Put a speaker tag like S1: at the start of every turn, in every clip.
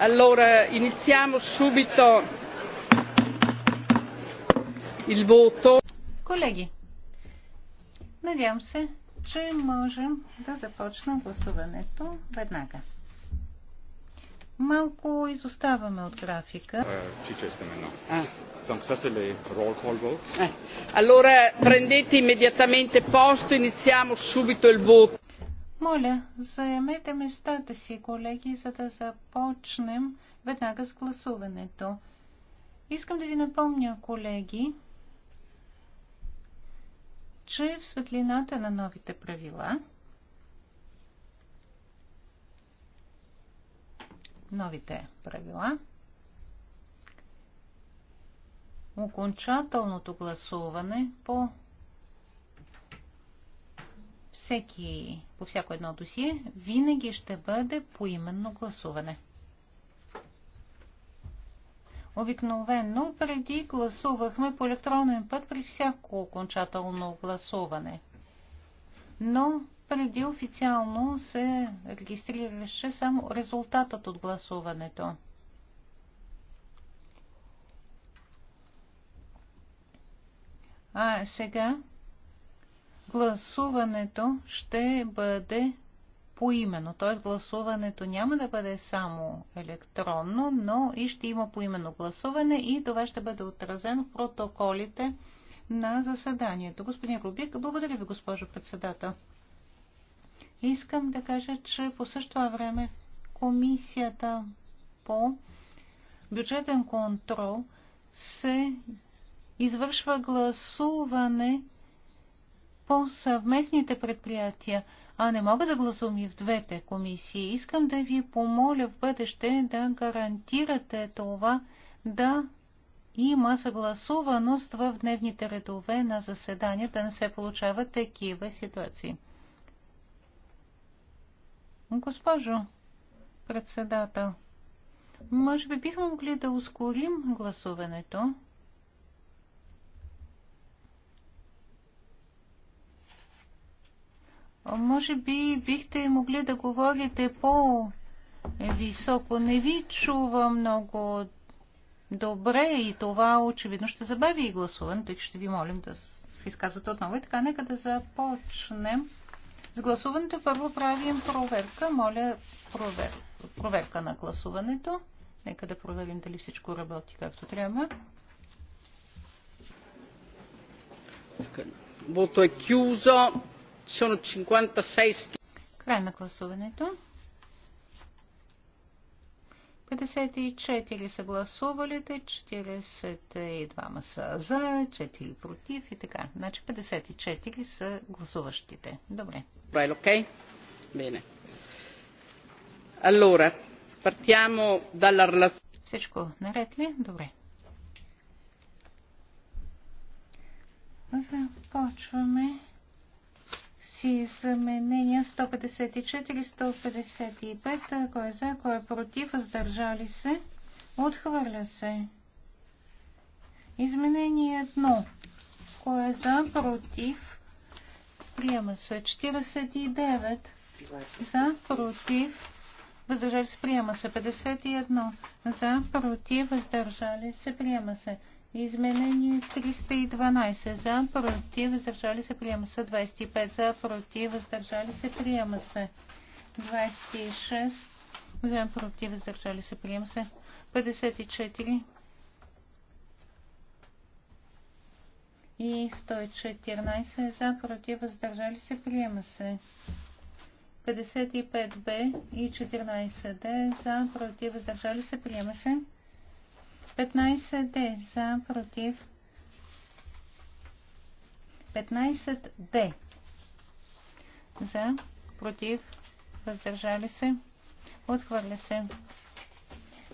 S1: Allora iniziamo subito il voto.
S2: Колеги, надявам се, че можем да започнем гласуването веднага. Малко изоставаме от графика.
S1: Allora prendete immediatamente posto, iniziamo subito il voto.
S2: Моля, заемете местата си, колеги, за да започнем веднага с гласуването. Искам да ви напомня, колеги, че в светлината на новите правила, новите правила, окончателното гласуване по всеки, по всяко едно досие винаги ще бъде поименно гласуване. Обикновено преди гласувахме по електронен път при всяко окончателно гласуване. Но преди официално се регистрираше само резултатът от гласуването. А сега Гласуването ще бъде поименно, т.е. гласуването няма да бъде само електронно, но и ще има поименно гласуване и това ще бъде отразено в протоколите на заседанието. Господин Рубик, благодаря ви, госпожо председател. Искам да кажа, че по същото време комисията по бюджетен контрол се извършва гласуване по съвместните предприятия, а не мога да гласувам и в двете комисии. Искам да ви помоля в бъдеще да гарантирате това да има съгласуваност в дневните редове на заседания да не се получават такива ситуации. Госпожо председател, може би бихме могли да ускорим гласуването. Може би бихте могли да говорите по-високо. Не ви чува много добре и това очевидно ще забави и гласуването, тъй ще ви молим да се изказвате отново. И така, нека да започнем. С гласуването първо правим проверка. Моля, провер... проверка на гласуването. Нека да проверим дали всичко работи както трябва.
S1: Вот е chiuso.
S2: Sono 56. Край на гласуването. 54 са гласувалите, 42 са за, 4 против и така. Значи 54 са гласуващите. Добре.
S1: Правило, окей? Бене. Allora, partiamo dalla relazione. Всичко наред ли? Добре.
S2: Започваме компромиси заменения 154-155. Кой е за, кой е против, въздържали се, отхвърля се. Изменение 1. Кой е за, против, приема се 49. За, против, въздържали се, приема се 51. За, против, въздържали се, приема се Изменение 312 за, против, въздържали се, приема се. 25 за, против, въздържали се, приема се. 26 за, против, въздържали се, приема се. 54 и 114 за, против, въздържали се, приема се. 55б и 14д за, против, въздържали се, приема се. 15D за против. 15D за против. Въздържали се. Отхвърля се.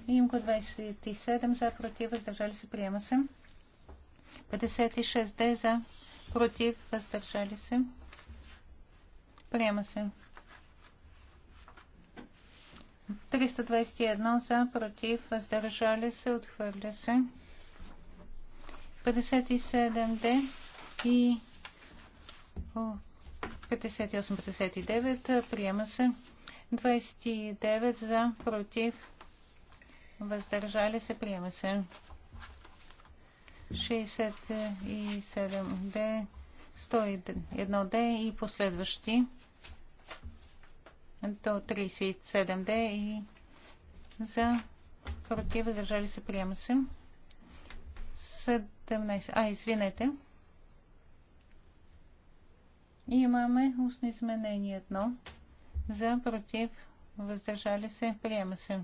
S2: Имко 27 за против. Въздържали се. Приема се. 56D за против. Въздържали се. Приема се. 321 за, против, въздържали се, отхвърля се. 57 д и 58-59 приема се. 29 за, против, въздържали се, приема се. 67 д 101 д и последващи до 37D и за против, въздържали се, приема се. 17. А, извинете. И имаме устно изменение 1. За против, въздържали се, приема се.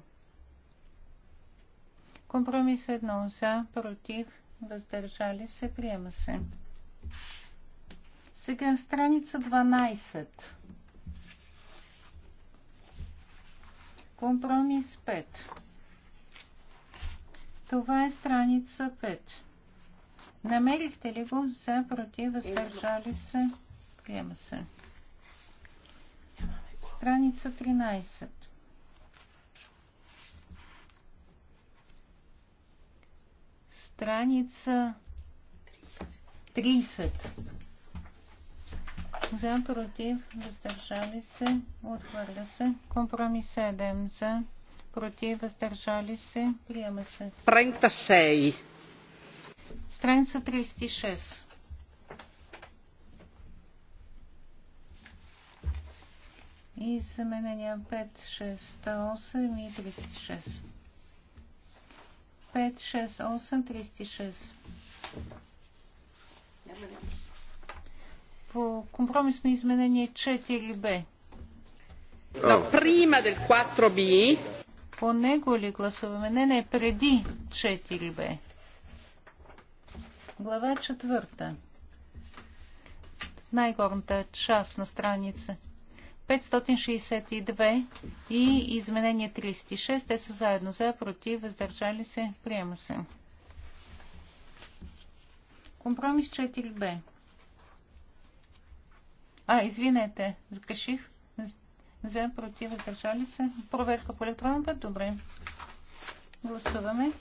S2: Компромис 1. За против, въздържали се, приема се. Сега страница 12. Компромис 5. Това е страница 5. Намерихте ли го за против, въздържали се? Приема се. Страница 13. Страница 30 за, против, въздържали се, отхвърля се. Компромис 7 за, против, въздържали се, приема се.
S1: 36.
S2: Страница 36. И заменения 5, 6, 8 и 36. 5, 6, 8, 36 по компромисно изменение 4b.
S1: La prima del 4b.
S2: По него ли гласуваме? Не, не, преди 4b. Глава 4. Най-горната част на страница. 562 и изменение 36. Те са заедно за, против, въздържали се, приема се. Компромис 4b. А, извинете, сгреших. За, против, въздържали се. Проверка по електронен път. Добре. Гласуваме.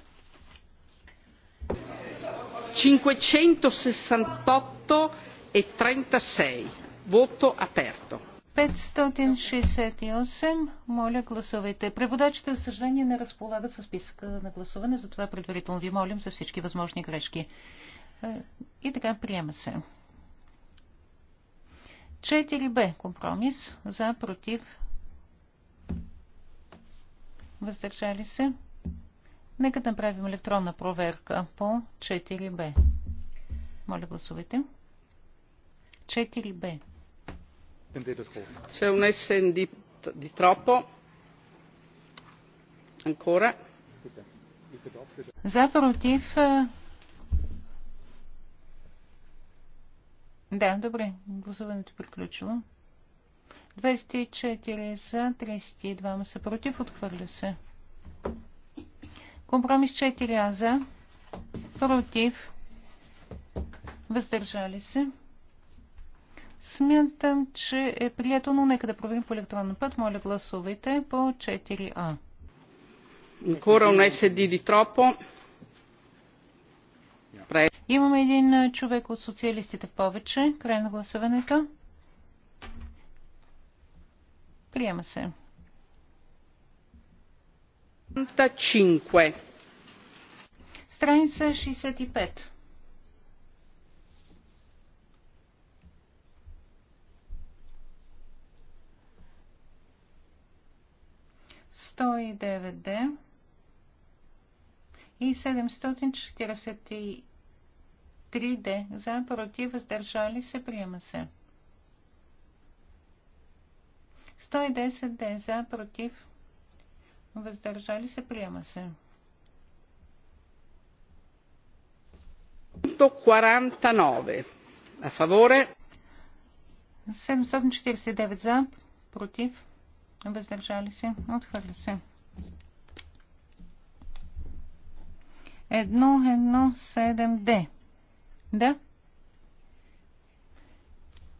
S1: 568 e и 36. Вото аперто.
S2: 568. Моля, гласувайте. Преводачите, за съжаление, не разполагат с списъка на гласуване, затова предварително ви молим за всички възможни грешки. Е, и така, приема се. 4Б компромис за против. Въздържали се. Нека да направим електронна проверка по 4Б. Моля гласувайте. 4Б. C'è un S di, di troppo.
S1: Ancora. За против
S2: Да, добре. Гласуването е приключило. 24 за, 32 са против. Отхвърля се. Компромис 4а за, против, въздържали се. Смятам, че е прието, но нека да проверим по електронен път. Моля, гласувайте по 4А.
S1: Ancora un SD di troppo.
S2: Yeah. Имаме един човек от социалистите в повече. Край на гласуването. Приема се.
S1: 5.
S2: Страница 65. Сто 9 девет и 743 де за против въздържали се приема се. 110 де за против въздържали се приема се. 149 a favore 749 за против въздържали се отхвърля се. 117D. Да?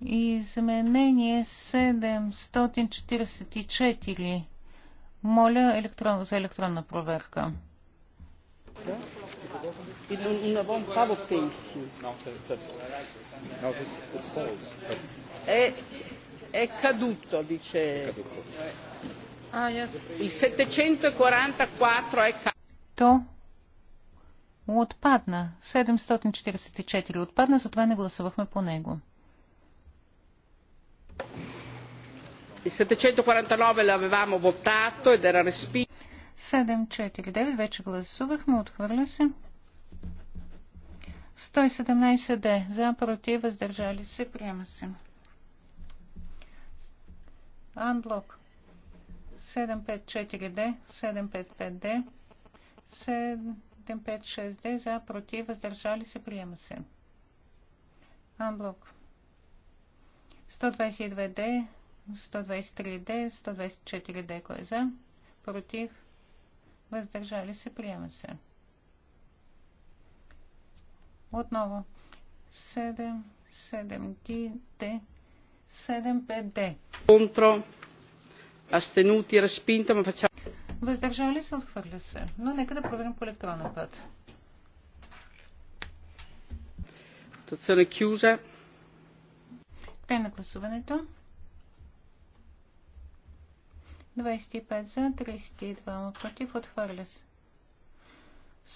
S2: Изменение 744. Моля електрон, за електронна проверка.
S1: Е, е кадуто, диче. А, yes. Il 744 е
S2: кадуто отпадна. 744 отпадна, затова не гласувахме по него.
S1: 749 l'avevamo votato ed era
S2: respinto. 749 вече гласувахме, отхвърля се. 117 Д. За, против, въздържали се, приема се. Анблок. 754 Д, 755 Д, 7... 7, 5, 6D за, против, въздържали се, приема се. Анблок. 122D, 123D, 124D, кое за, против, въздържали се, приема се. Отново. 7, 7D, 7, 5D.
S1: Контро. Астенути разпинта, ma
S2: ли се, отхвърля се. Но нека да проверим по електронен път. Стационна Кюжа. Край на гласуването. 25 за, 32 против, отхвърля се.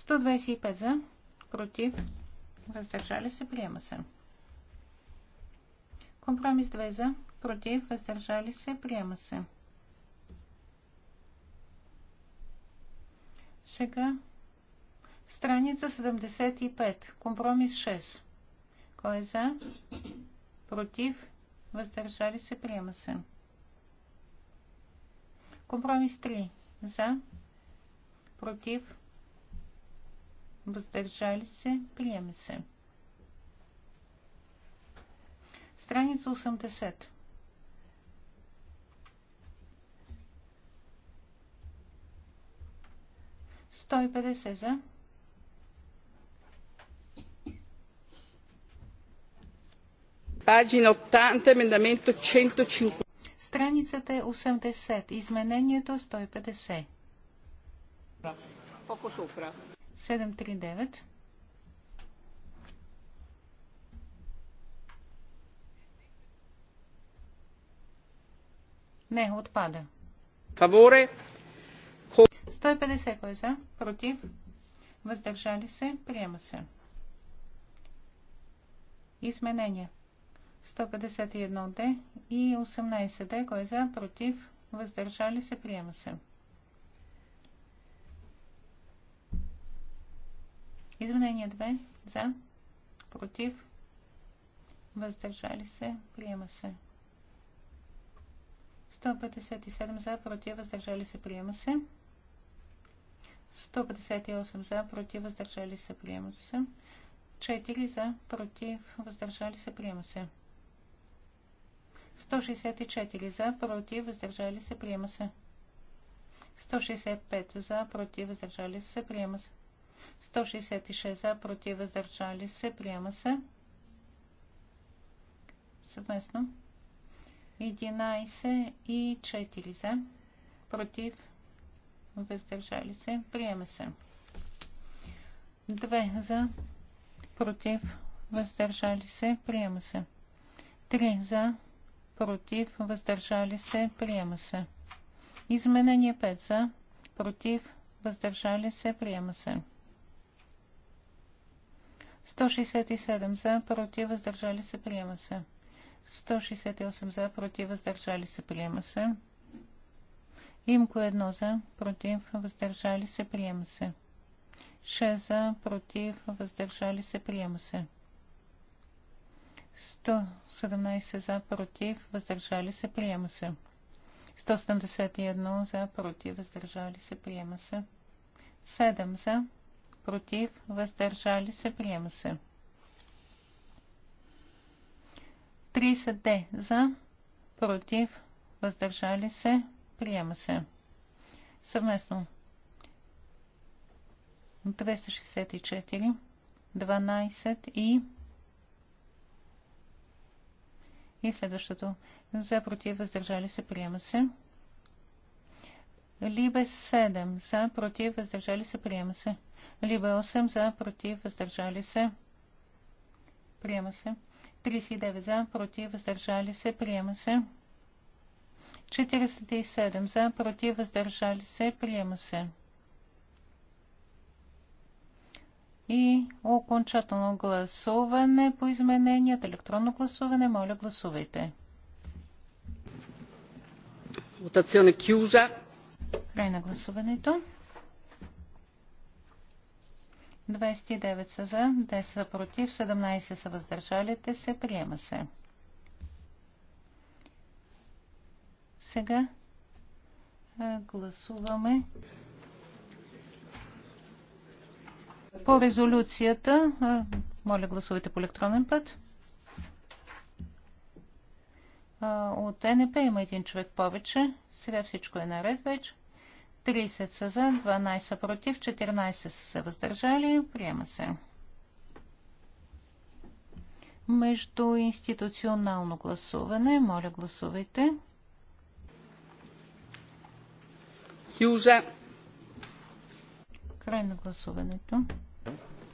S2: 125 за, против, въздържали се, приема се. Компромис 2 за, против, въздържали се, приема се. Сега страница 75, компромис 6. Кой е за? Против? Въздържали се? Приема се. Компромис 3. За? Против? Въздържали се? Приема се. Страница 80. 150 за. Пагина 80, емендамент 150. Страницата е 80. Изменението 150. Е 739. Не, отпада. Фаворе. 150 кой за? Против? Въздържали се? Приема се. Изменения. 151D и 18D. Кой за? Против? Въздържали се? Приема се. Изменение 2. Е за? Против? Въздържали се? Приема се. 157 за, против, въздържали се, приема се. 158 за, против, въздържали се, приема се. 4 за, против, въздържали се, приема се. 164 за, против, въздържали се, приема се. 165 за, против, въздържали се, приема се. 166 за, против, въздържали се, приема се. Съвместно. 11 и 4 за, против, въздържали се, приема се. 2 за, против, въздържали се, приема се. 3 за, против, въздържали се, приема се. Изменение 5 за, против, въздържали се, приема се. 167 за, против, въздържали се, приема се. 168 за, против, въздържали се, приема се. Имко едно за, против, въздържали се, приема се. 6 за, против, въздържали се, приема се. 117 за, против, въздържали се, приема се. 171 за, против, въздържали се, приема се. 7 за, против, въздържали се, приема се. 30 Д за, против, въздържали се, Приема се. Съвместно. 264, 12 и и следващото. За против въздържали се. Приема се. Либе 7. За против въздържали се. Приема се. Либе 8. За против въздържали се. Приема се. 39 за, против, въздържали се, приема се. 47 за, против, въздържали се, приема се. И окончателно гласуване по измененията, електронно гласуване, моля гласувайте.
S1: Votazione chiusa.
S2: Край на гласуването. 29 са за, 10 са против, 17 са въздържалите се, приема се. Сега гласуваме по резолюцията. Моля, гласувайте по електронен път. От НП има един човек повече. Сега всичко е наред вече. 30 са за, 12 са против, 14 са се въздържали. Приема се. Между институционално гласуване. Моля, гласувайте. Хюжа. Край на гласуването.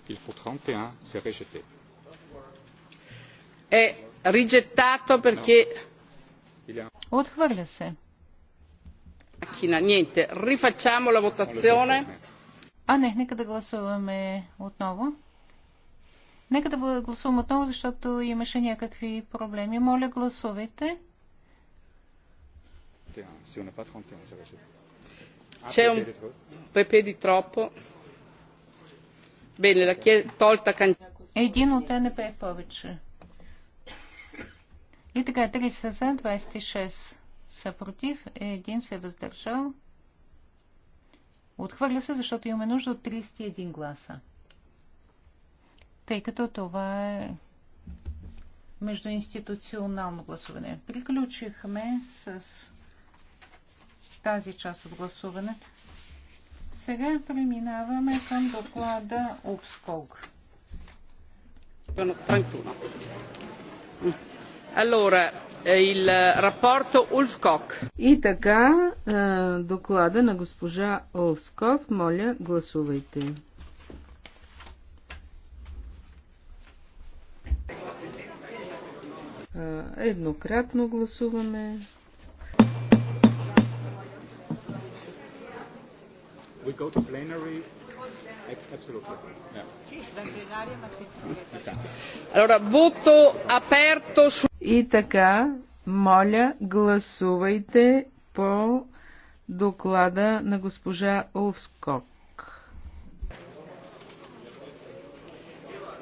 S3: Il faut 31, c'est rejeté.
S1: Е, rigettato perché...
S2: Отхвърля се.
S1: Macchina, niente. Rifacciamo la votazione.
S2: А, не, нека да гласуваме отново. Нека да гласувам отново, защото имаше някакви проблеми. Моля, гласувайте.
S3: Si on n'a pas 31, c'est rejeté. Ah, c'è un
S1: di troppo. Bene, la tolta
S2: Един от НП е повече. И така, 30 за, 26 са против, един се е въздържал. Отхвърля се, защото имаме нужда от 31 гласа. Тъй като това е междуинституционално гласуване. Приключихме с тази част от гласуването. Сега преминаваме към доклада Обскок.
S4: Allora, е il е, rapporto Ulfskog. И така, е, доклада на госпожа Олсков, моля, гласувайте. Еднократно гласуваме.
S3: we go to plenary. Absolutely.
S4: Allora, voto aperto su... И така, моля, гласувайте по доклада на госпожа Овскок.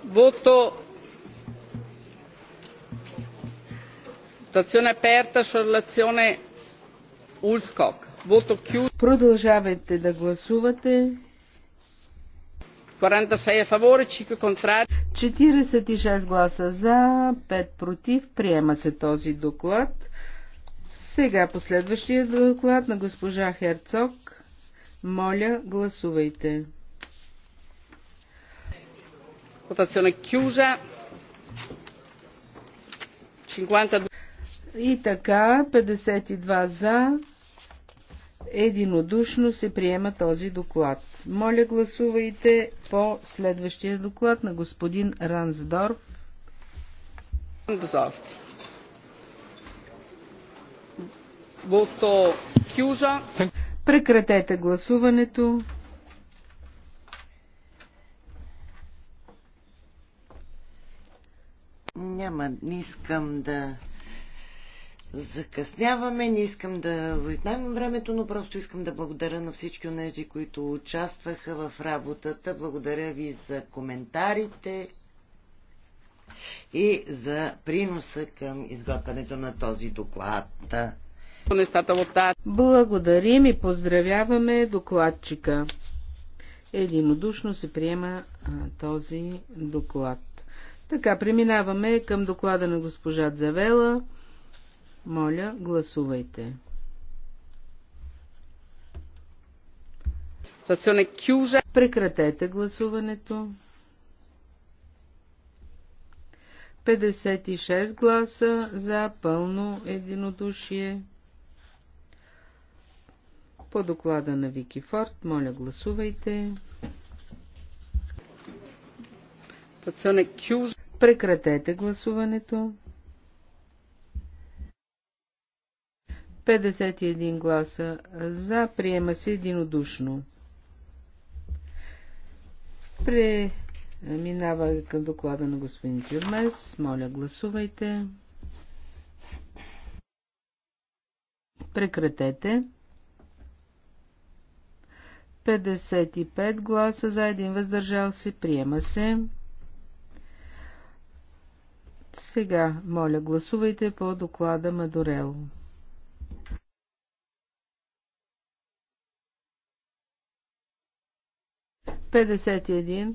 S1: Voto votazione aperta sull'azione Ulskog. Продължавайте
S4: да гласувате. 46 гласа за, 5 против. Приема се този доклад. Сега последващия доклад на госпожа Херцог. Моля, гласувайте. И така, 52 за, единодушно се приема този доклад. Моля гласувайте по следващия доклад на господин Рансдорф. Прекратете
S5: гласуването. Няма, не искам да закъсняваме. Не искам да отнемам времето, но просто искам да благодаря на всички от тези, които участваха в работата. Благодаря ви за коментарите и за приноса към изготвянето на този доклад. Благодарим и поздравяваме
S4: докладчика. Единодушно се приема а, този доклад. Така, преминаваме към доклада на госпожа Дзавела. Моля, гласувайте. Прекратете гласуването. 56 гласа за пълно единодушие. По доклада на Вики Форд, моля гласувайте. Прекратете гласуването. 51 гласа за, приема се единодушно. Преминава към доклада на господин Тюрмес. Моля, гласувайте. Прекратете. 55 гласа за, един въздържал се, приема се. Сега, моля, гласувайте по доклада Мадорел. 51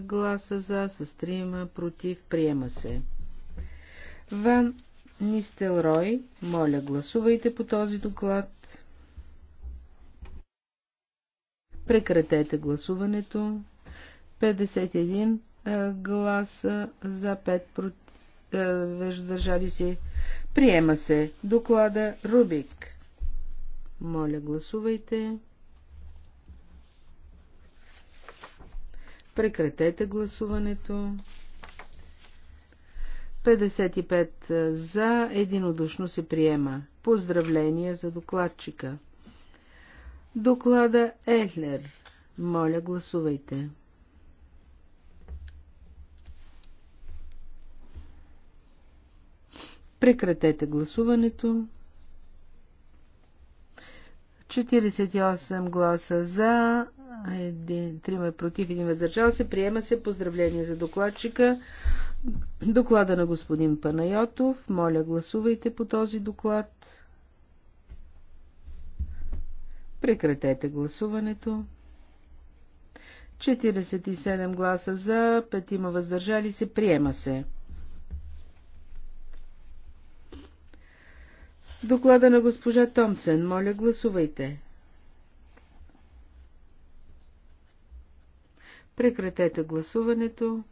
S4: гласа за, с 3 против, приема се. Ван Нистелрой, моля гласувайте по този доклад. Прекратете гласуването. 51 гласа за 5 против, въздържали се. Приема се доклада Рубик. Моля гласувайте. Прекратете гласуването. 55 за, единодушно се приема. Поздравления за докладчика. Доклада Ехлер. Моля, гласувайте. Прекратете гласуването. 48 гласа за, 3 против, 1 въздържал се. Приема се поздравление за докладчика. Доклада на господин Панайотов. Моля, гласувайте по този доклад. Прекратете гласуването. 47 гласа за, 5 има въздържали се. Приема се. Доклада на госпожа Томсен. Моля, гласувайте. Прекратете гласуването.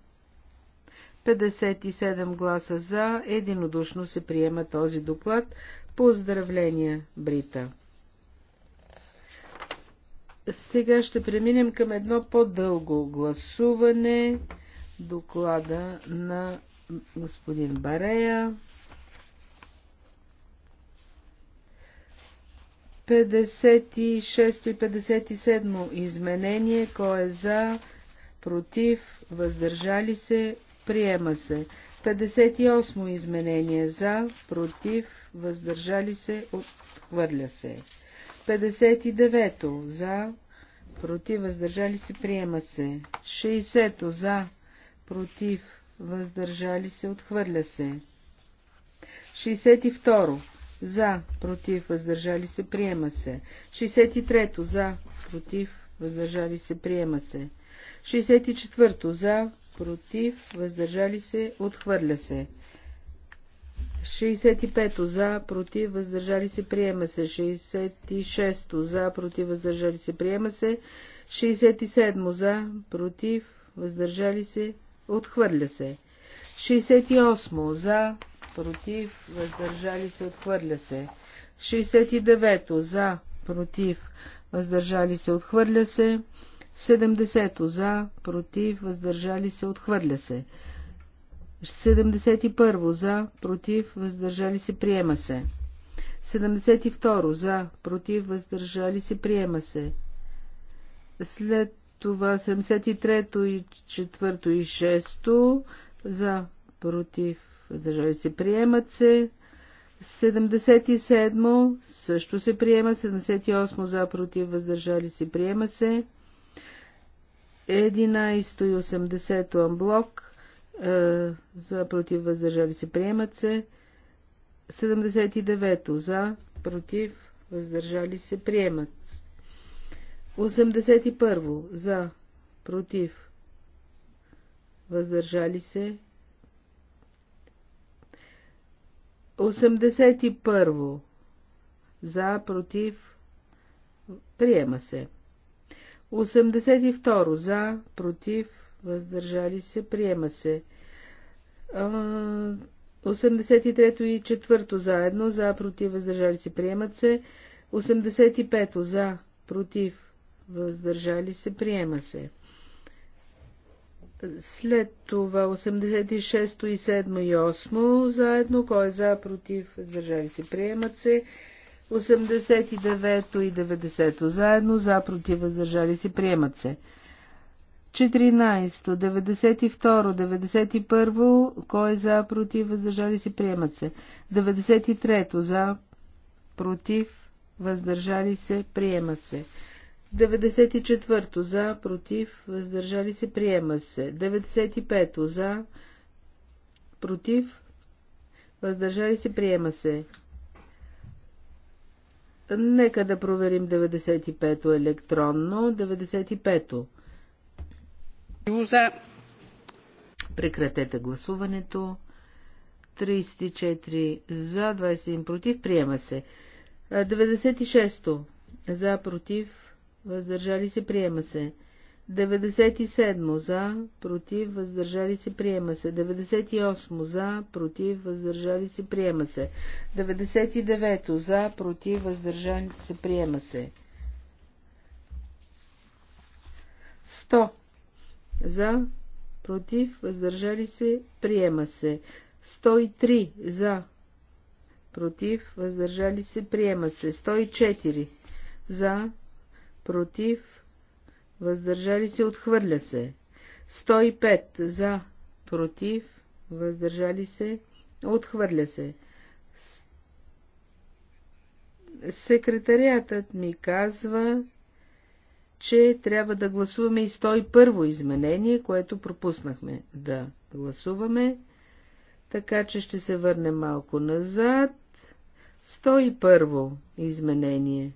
S4: 57 гласа за, единодушно се приема този доклад. Поздравления, Брита! Сега ще преминем към едно по-дълго гласуване. Доклада на господин Барея. 56 и 57 изменение, кой е за, против, въздържали се, приема се. 58 изменение за, против, въздържали се, отхвърля се. 59 за, против, въздържали се, приема се. 60 за, против, въздържали се, отхвърля се. 62 за, против, въздържали се, приема се. 63 за, против, въздържали се, приема се. 64 за, против, въздържали се, отхвърля се. 65 за, против, въздържали се, приема се. 66 за, против, въздържали се, приема се. 67 за, против, въздържали се, отхвърля се. 68 за, против, въздържали се, отхвърля се. 69 за, против, въздържали се, отхвърля се. 70 за, против, въздържали се, отхвърля се. 71 за, против, въздържали се, приема се. 72 за, против, въздържали се, приема се. След това 73 и 4 и 6 за, против, въздържали се, приемат се. 77 също се приема, 78 за против, въздържали се, приема се. 11 и 80 амблок за против, въздържали се, приемат се. 79 за против, въздържали се, приемат. 81 за против, въздържали се, 81. За, против, приема се. 82. За, против, въздържали се, приема се. 83 и 4 заедно, за, против, въздържали се, приемат се. 85 за, против, въздържали се, приема се. След това 86-то и 7 и 8 заедно, кой е за, против, въздържали се, приемат се. 89-то и 90-то заедно, за, против, въздържали се, приемат се. 14, 92, 91, кой е за, против, въздържали се, приемат се. 93, за, против, въздържали се, приемат се. 94 за, против, въздържали се, приема се. 95 за, против, въздържали се, приема се. Нека да проверим 95-то електронно. 95-то. Прекратете гласуването. 34 за, 21 против, приема се. 96-то за, против, въздържали се, приема се. 97 за, против, въздържали се, приема се. 98 за, против, въздържали се, приема се. 99 за, против, въздържали се, приема се. 100 за, против, въздържали се, приема се. 103 за, против, въздържали се, приема се. 104 за, против, въздържали се, отхвърля се. 105 за, против, въздържали се, отхвърля се. Секретариатът ми казва, че трябва да гласуваме и 101 изменение, което пропуснахме да гласуваме, така че ще се върнем малко назад. 101 изменение.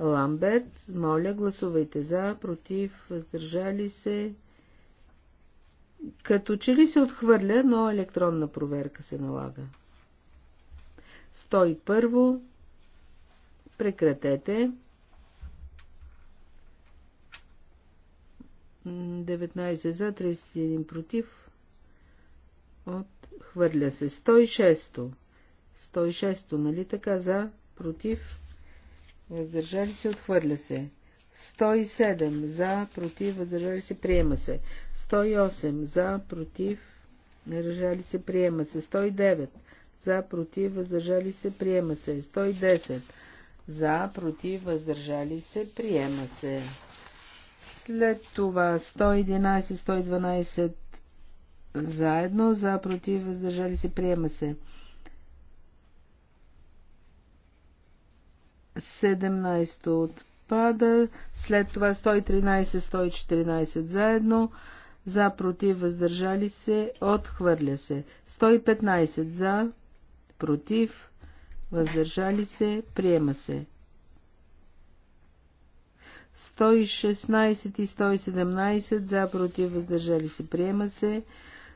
S4: Ламберт. Моля, гласувайте за, против, въздържали се. Като че ли се отхвърля, но електронна проверка се налага. 101. Прекратете. 19 за, 31 против. Отхвърля се. 106. 106, нали така, за, против, въздържали се, отхвърля се. 107 за, против, въздържали се, приема се. 108 за, против, въздържали се, приема се. 109 за, против, въздържали се, приема се. 110 за, против, въздържали се, приема се. След това 111, 112 заедно, за, против, въздържали се, приема се. 17 отпада, след това 113-114 заедно, за, против, въздържали се, отхвърля се. 115 за, против, въздържали се, приема се. 116 и 117 за, против, въздържали се, приема се.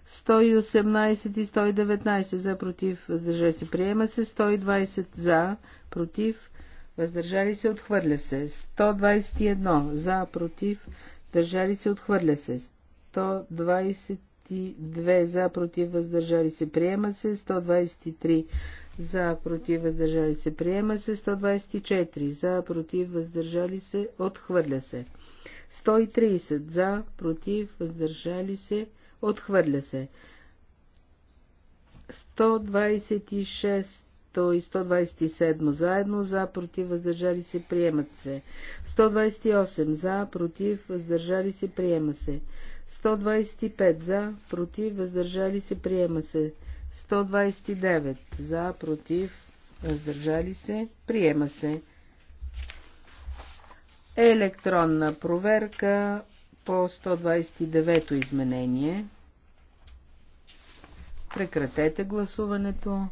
S4: 118 и 119 за, против, въздържали се, приема се. 120 за, против, въздържали се, отхвърля се. 121 за, против, държали се, отхвърля се. 122 за, против, въздържали се, приема се. 123 за, против, въздържали се, приема се. 124 за, против, въздържали се, отхвърля се. 130 за, против, въздържали се, отхвърля се. 126 и 127 заедно, за, против, въздържали се, приемат се. 128 за, против, въздържали се, приема се. 125 за, против, въздържали се, приема се. 129 за, против, въздържали се, приема се. Електронна проверка по 129 изменение. Прекратете гласуването.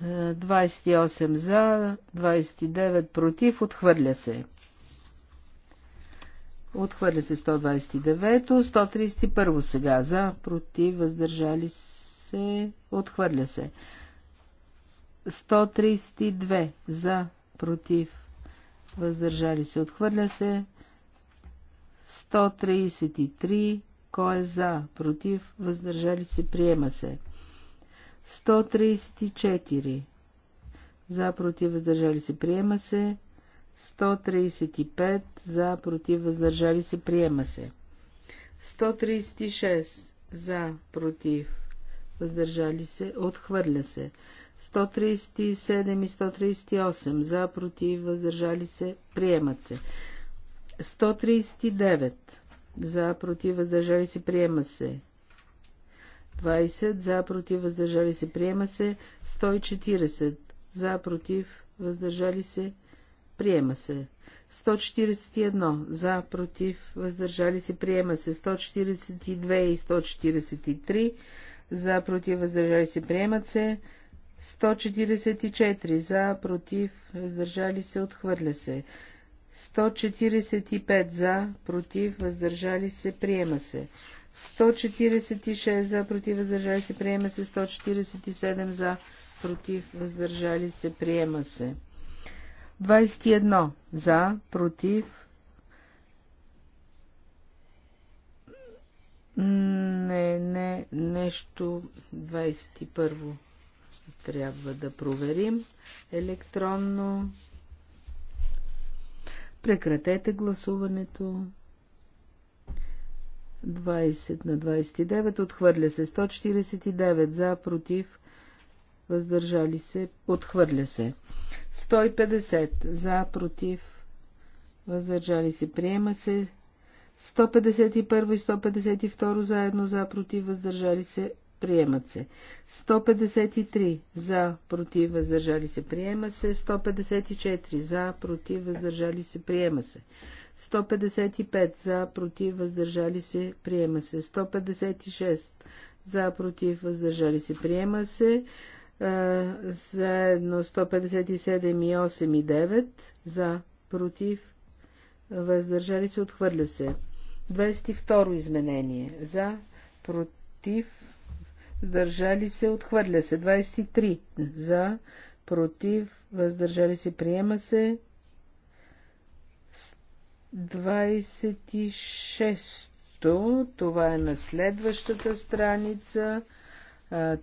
S4: 28 за, 29 против, отхвърля се. Отхвърля се 129, 131 сега за, против, въздържали се, отхвърля се. 132 за, против, въздържали се, отхвърля се. 133, кой е за, против, въздържали се, приема се. 134. За, против, въздържали се, приема се. 135. За, против, въздържали се, приема се. 136. За, против, въздържали се, отхвърля се. 137 и 138. За, против, въздържали се, приемат се. 139. За, против, въздържали се, приема се. 20 за, против, въздържали се, приема се. 140 за, против, въздържали се, приема се. 141 за, против, въздържали се, приема се. 142 и 143 за, против, въздържали се, приемат се. 144 за, против, въздържали се, отхвърля се. 145 за, против, въздържали се, приема се. 146 за, против, въздържали се, приема се. 147 за, против, въздържали се, приема се. 21 за, против. Не, не, нещо 21 трябва да проверим електронно. Прекратете гласуването. 20 на 29, отхвърля се 149 за, против, въздържали се, отхвърля се 150 за, против, въздържали се, приема се 151 и 152 заедно за, против, въздържали се, Приемат се. 153 за, против, въздържали се, приема се. 154 за, против, въздържали се, приема се. 155 за, против, въздържали се, приема се. 156 за, против, въздържали се, приема се. Заедно 157 и 8 и 9 за, против, въздържали се, отхвърля се. 22 изменение за, против, въздържали се, отхвърля се. 23 за, против, въздържали се, приема се. 26-то, това е на следващата страница,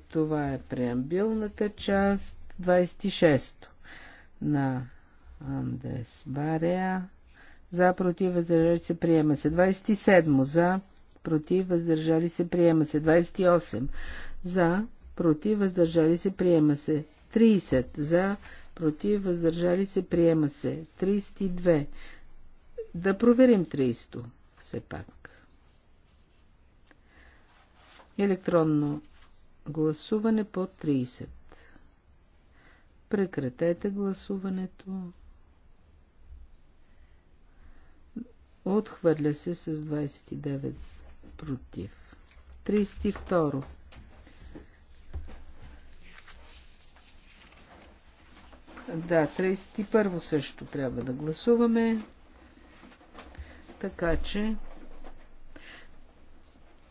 S4: това е преамбилната част, 26 на Андрес Бареа. За, против, въздържали се, приема се. 27 за, против, въздържали се, приема се. 28 за, против, въздържали се, приема се. 30 за, против, въздържали се, приема се. 32. Да проверим 30, все пак. Електронно гласуване по 30. Прекратете гласуването. Отхвърля се с 29 против. 32. Да, 31 също трябва да гласуваме. Така че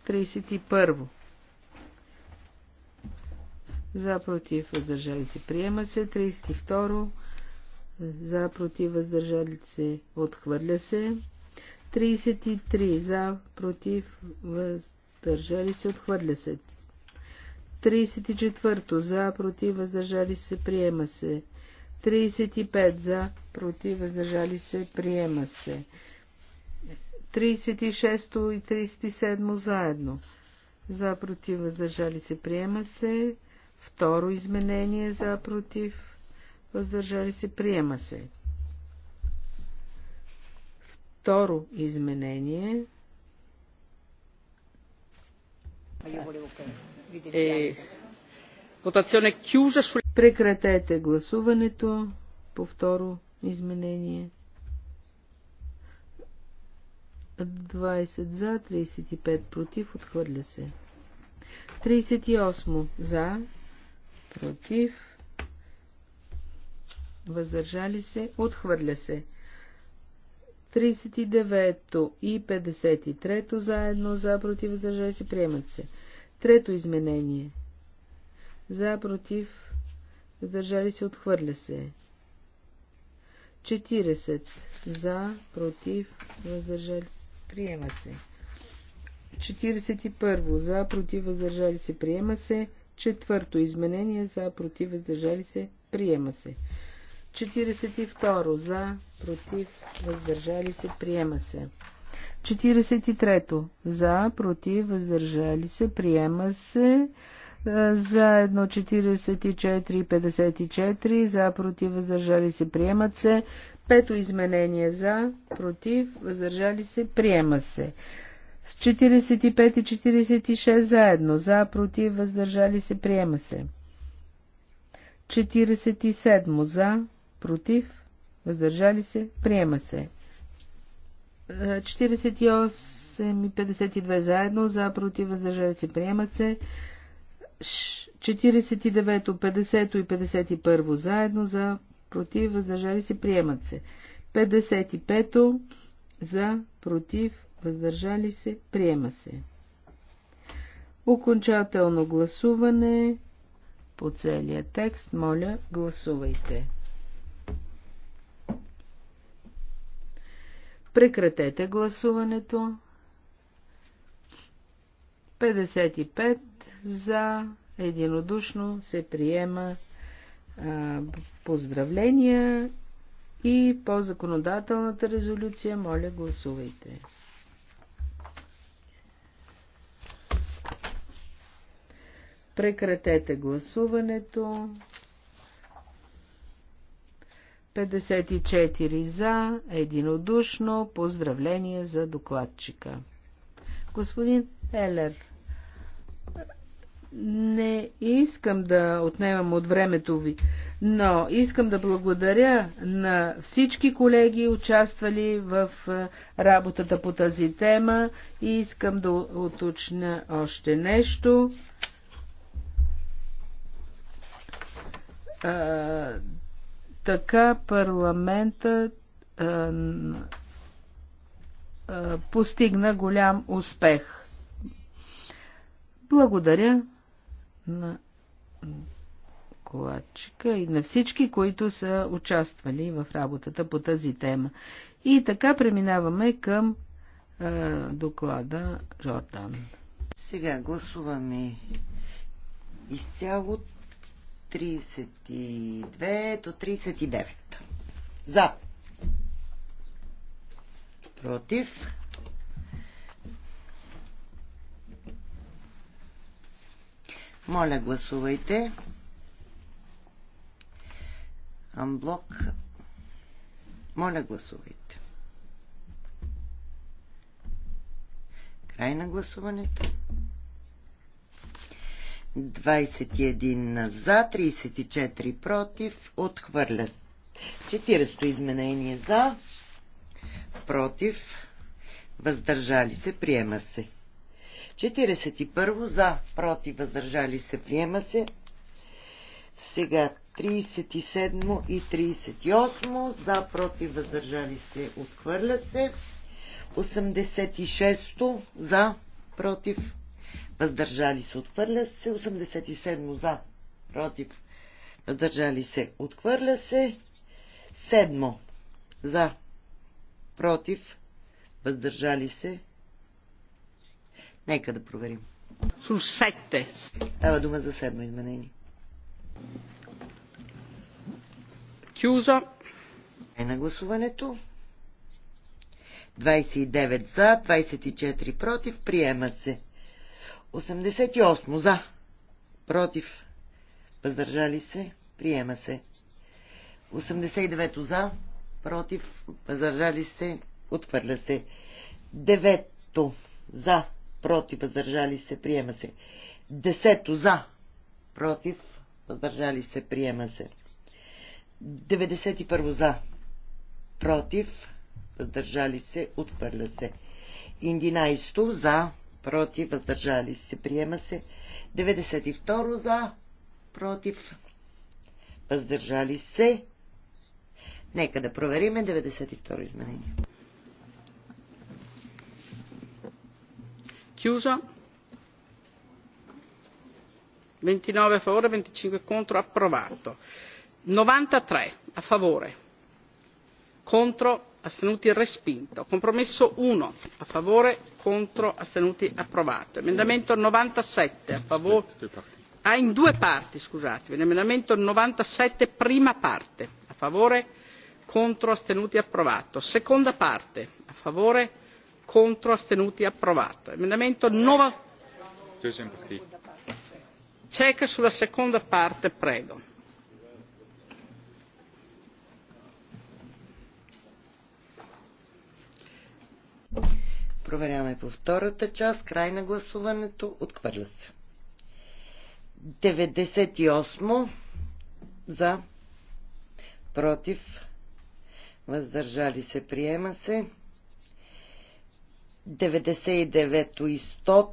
S4: 31. За против въздържали се приема се. 32. За против въздържали се отхвърля се. 33. За против въздържали се отхвърля се. 34. За против въздържали се приема се. 35 за, против, въздържали се, приема се. 36 и 37 заедно. За, против, въздържали се, приема се. Второ изменение за, против, въздържали се, приема се. Второ изменение. Е, Прекратете гласуването по второ изменение. 20 за, 35 против, отхвърля се. 38 за, против, въздържали се, отхвърля се. 39 и 53 заедно за, против, въздържали се, приемат се. Трето изменение – за, против, задържали се, отхвърля се. 40 за, против, въздържали се, приема се. 41 за, против, въздържали се, приема се. Четвърто изменение за, против, въздържали се, приема се. 42 за, против, въздържали се, приема се. 43 за, против, въздържали се, приема се заедно 44 и 54, за, против, въздържали се, приемат се. Пето изменение за, против, въздържали се, приема се. С 45 и 46 заедно, за, против, въздържали се, приема се. 47 за, против, въздържали се, приема се. 48 и 52 заедно, за, против, въздържали се, приема се. 49, 50 и 51 заедно за, против, въздържали се, приемат се. 55 за, против, въздържали се, приема се. Окончателно гласуване по целия текст. Моля, гласувайте. Прекратете гласуването. 55 за, единодушно се приема а, поздравления и по законодателната резолюция, моля, гласувайте. Прекратете гласуването. 54 за, единодушно, поздравление за докладчика. Господин Елер, не искам да отнемам от времето ви, но искам да благодаря на всички колеги, участвали в работата по тази тема и искам да уточня още нещо. А, така парламентът а, а, постигна голям успех. Благодаря на докладчика и на всички, които са участвали в работата по тази тема. И така
S5: преминаваме към
S4: е, доклада Жордан.
S5: Сега гласуваме изцяло 32 до 39. За. Против. Моля, гласувайте. Амблок. Моля, гласувайте. Край на гласуването. 21 за, 34 против, отхвърля. 40 изменение за, против, въздържали се, приема се. 41 за, против, въздържали се, приема се. Сега 37 и 38 за, против, въздържали се, отхвърля се. 86 за, против, въздържали се, отхвърля се. 87 за, против, въздържали се, отхвърля се. 7 за, против, въздържали се, Нека да проверим. Слушайте. Става дума за седмо изменение. Кюза. Е на гласуването. 29 за, 24 против. Приема се. 88 за. Против. Въздържали се. Приема се. 89 за. Против. Въздържали се. отвърля се. 9 за против, въздържали се, приема се. Десето за, против, въздържали се, приема се. 91 за, против, въздържали се, отхвърля се. 11 за, против, въздържали се, приема се. 92 за, против, въздържали се. Нека да провериме 92 изменение. chiuso
S1: ventinove a favore venticinque contro approvato novantatré a favore contro astenuti respinto compromesso 1. a favore contro astenuti approvato emendamento novantasette a favore ah in due parti scusatevi. l'emendamento novantasette prima parte a favore contro astenuti approvato seconda parte a favore contro astenuti approvato emendamento 9 check sulla seconda parte prego
S5: Проверяваме по втората част. Край на гласуването. Отхвърля се. 98 за. Против. Въздържали се. Приема се. 99 и 100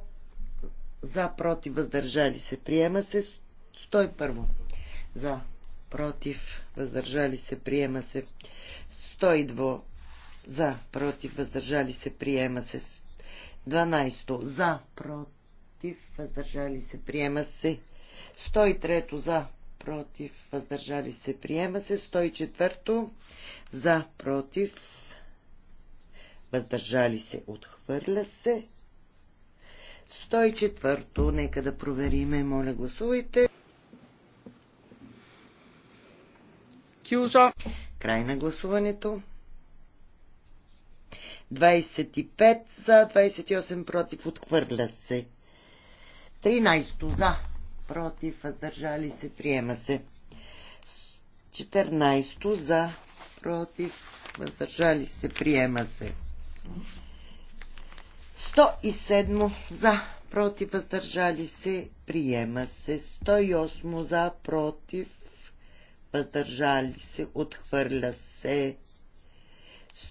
S5: за, против, въздържали се. Приема се 101 за, против, въздържали се. Приема се 102 за, против, въздържали се. Приема се 12 за, против, въздържали се. Приема се 103 за, против, въздържали се. Приема се 104 за, против, въздържали се, отхвърля се. 104-то, нека да провериме, моля гласувайте. Кюза. Край на гласуването. 25 за, 28 против, отхвърля се. 13 за, против, въздържали се, приема се. 14 за, против, въздържали се, приема се. 107 за, против, въздържали се, приема се. 108 за, против, въздържали се, отхвърля се.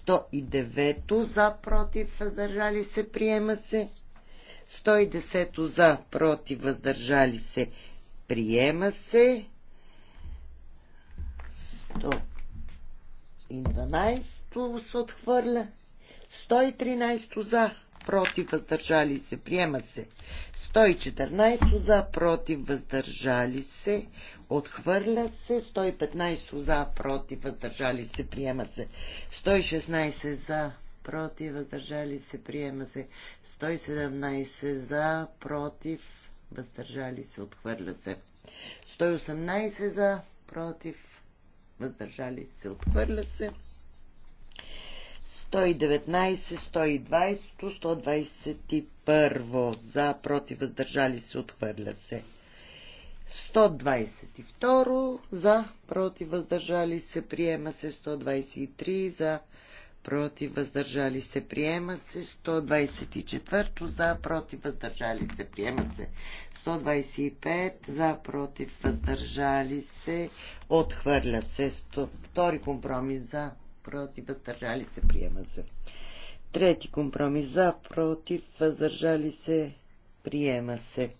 S5: 109 за, против, въздържали се, приема се. 110 за, против, въздържали се, приема се. 112 се отхвърля. 113 за, против, въздържали се, приема се. 114 за, против, въздържали се, отхвърля се. 115 за, против, въздържали се, приема се. 116 за, против, въздържали се, приема се. 117 за, против, въздържали се, отхвърля се. 118 за, против, въздържали се, отхвърля се. 119, 120, 121 за, против, въздържали се, отхвърля се. 122 за, против, въздържали се, приема се. 123 за, против, въздържали се, приема се. 124 за, против, въздържали се, приема се. 125 за, против, въздържали се, отхвърля се. 100, втори компромис за, против, въздържали се, приема се. Трети компромис за, против, въздържали се, приема се.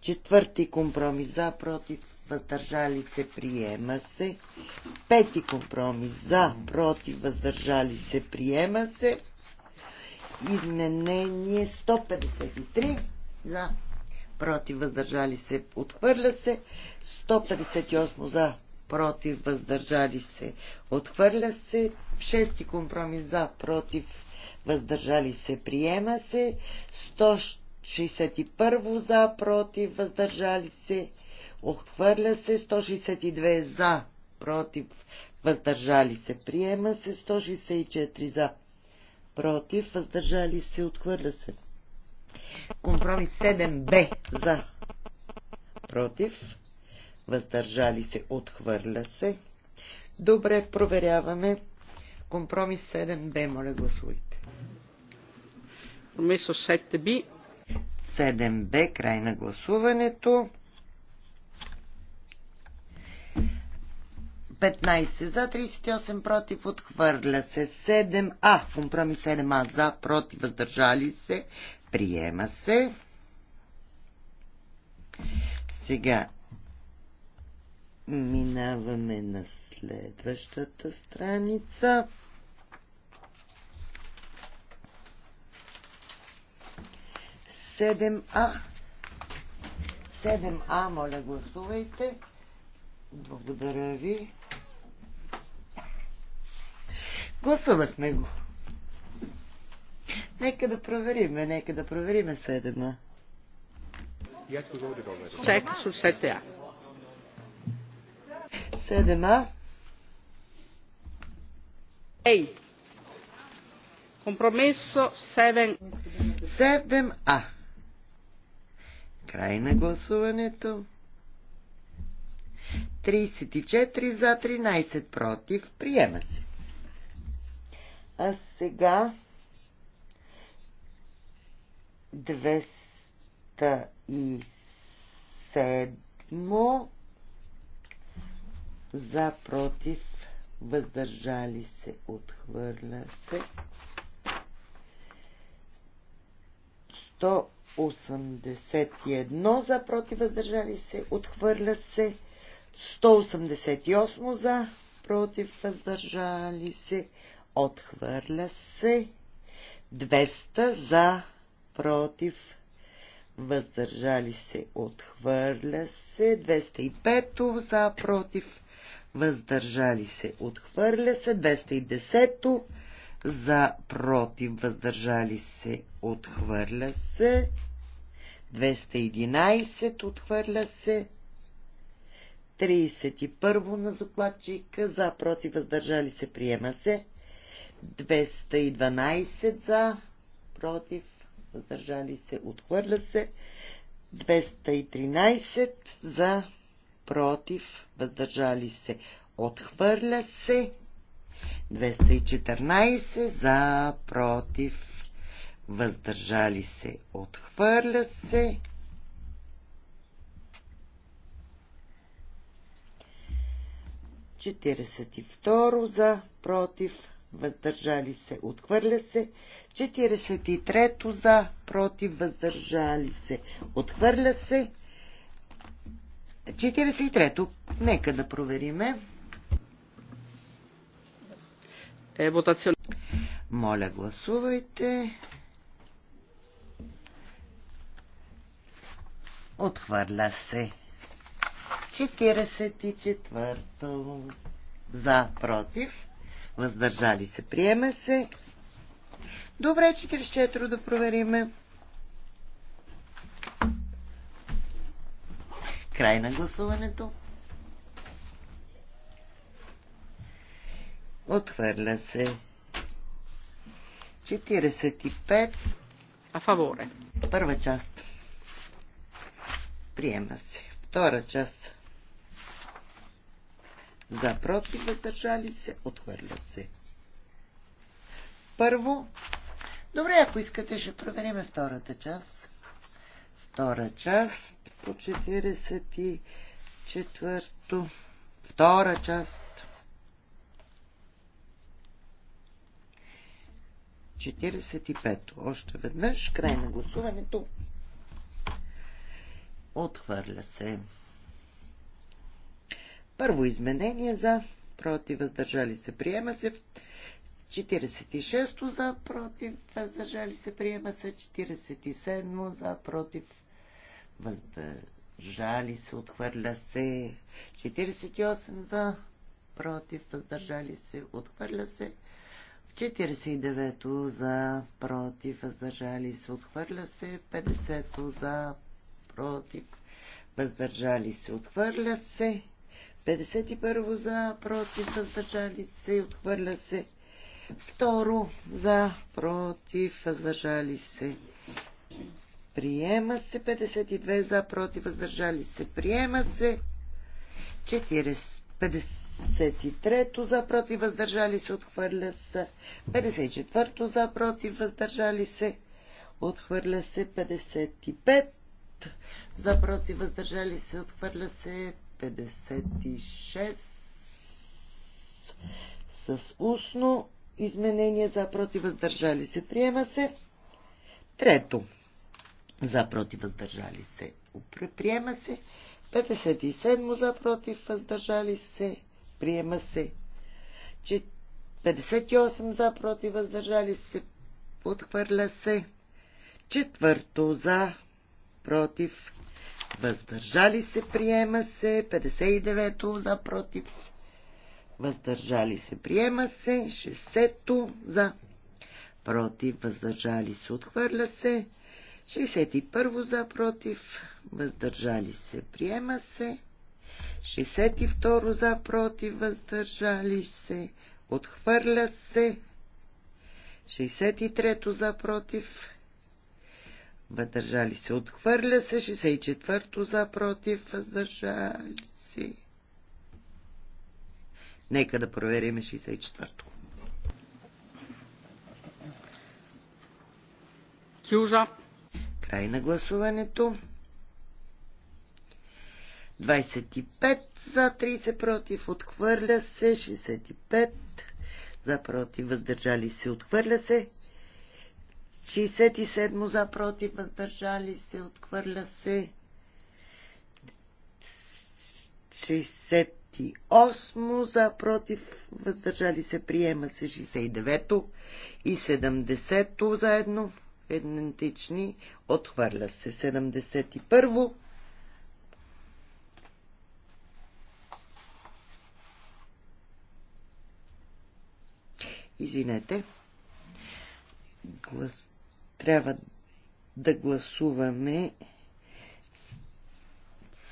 S5: Четвърти компромис за, против, въздържали се, приема се. Пети компромис за, против, въздържали се, приема се. Изменение 153 за, против, въздържали се, отхвърля се. 158 за, против, въздържали се. Отхвърля се. Шести компромис за, против, въздържали се. Приема се. 161 за, против, въздържали се. Отхвърля се. 162 за, против, въздържали се. Приема се. 164 за, против, въздържали се. Отхвърля се. Компромис 7Б за, против, въздържали се, отхвърля се. Добре, проверяваме. Компромис 7Б, моля гласувайте. Компромисо 7 би. 7Б, край на гласуването. 15 за, 38 против, отхвърля се 7А, компромис 7А за, против, въздържали се, приема се. Сега Минаваме на следващата страница. Седем А. Седем а моля гласувайте. Благодаря ви. Гласувахме го. Нека да провериме, нека да провериме 7А.
S3: Чека, слушайте А.
S5: Тедема. Ей!
S1: Компромисо 7. 7А.
S5: Край на гласуването. 34 за 13 против. Приема се. А сега 207 за, против, въздържали се, отхвърля се. 181 за, против, въздържали се, отхвърля се. 188 за, против, въздържали се, отхвърля се. 200 за, против, въздържали се, отхвърля се. 205 за, против, въздържали се, отхвърля се. 210 за, против, въздържали се, отхвърля се. 211 отхвърля се. 31 на закладчика за, против, въздържали се, приема се. 212 за, против, въздържали се, отхвърля се. 213 за, против, въздържали се, отхвърля се. 214 за, против, въздържали се, отхвърля се. Четиридесет и второ за, против, въздържали се, отхвърля се. 43 трето за, против, въздържали се, отхвърля се. 43-то. Нека да провериме. Е, Моля, гласувайте. Отхвърля се. 44-то. За, против. Въздържали се. приеме се. Добре, 44 да провериме. Край на гласуването. Отхвърля се. 45. А фаворе. Първа част. Приема се. Втора част. За против, въздържали се, отхвърля се. Първо. Добре, ако искате, ще провериме втората част. Втора част. По 44-то, втора част. 45-то. Още веднъж край на гласуването. Отхвърля се. Първо изменение за против, въздържали се, приема се. 46 за против, въздържали се, приема се. 47 за против, въздържали се, отхвърля се. 48 за, против, въздържали се, отхвърля се. 49-то за, против, въздържали се, отхвърля се. 50-то за, против, въздържали се, отхвърля се. 51 за, против, въздържали се, отхвърля се. Второ за, против, въздържали се приема се. 52 за, против, въздържали се, приема се. 53-то за, против, въздържали се, отхвърля се. 54 за, против, въздържали се, отхвърля се. 55 за, против, въздържали се, отхвърля се. 56 с устно изменение за против въздържали се. Приема се. Трето за против въздържали се. Приема се. 57 за против въздържали се. Приема се. 58 за против въздържали се. Отхвърля се. Четвърто за против. Въздържали се. Приема се. 59 за против. Въздържали се. Приема се. 60 за против. Въздържали се. Отхвърля се. 61 за против, въздържали се, приема се. 62 за против, въздържали се, отхвърля се. 63 за против, въздържали се, отхвърля се. 64 за против, въздържали се. Нека да проверим 64-то. Кюжа. Край на гласуването. 25 за 30 против. Отхвърля се. 65 за против. Въздържали се. Отхвърля се. 67 за против. Въздържали се. Отхвърля се. 68 за против, въздържали се приема се 69 и 70 заедно идентични, отхвърля се. 71 Извинете. Глас... Трябва да гласуваме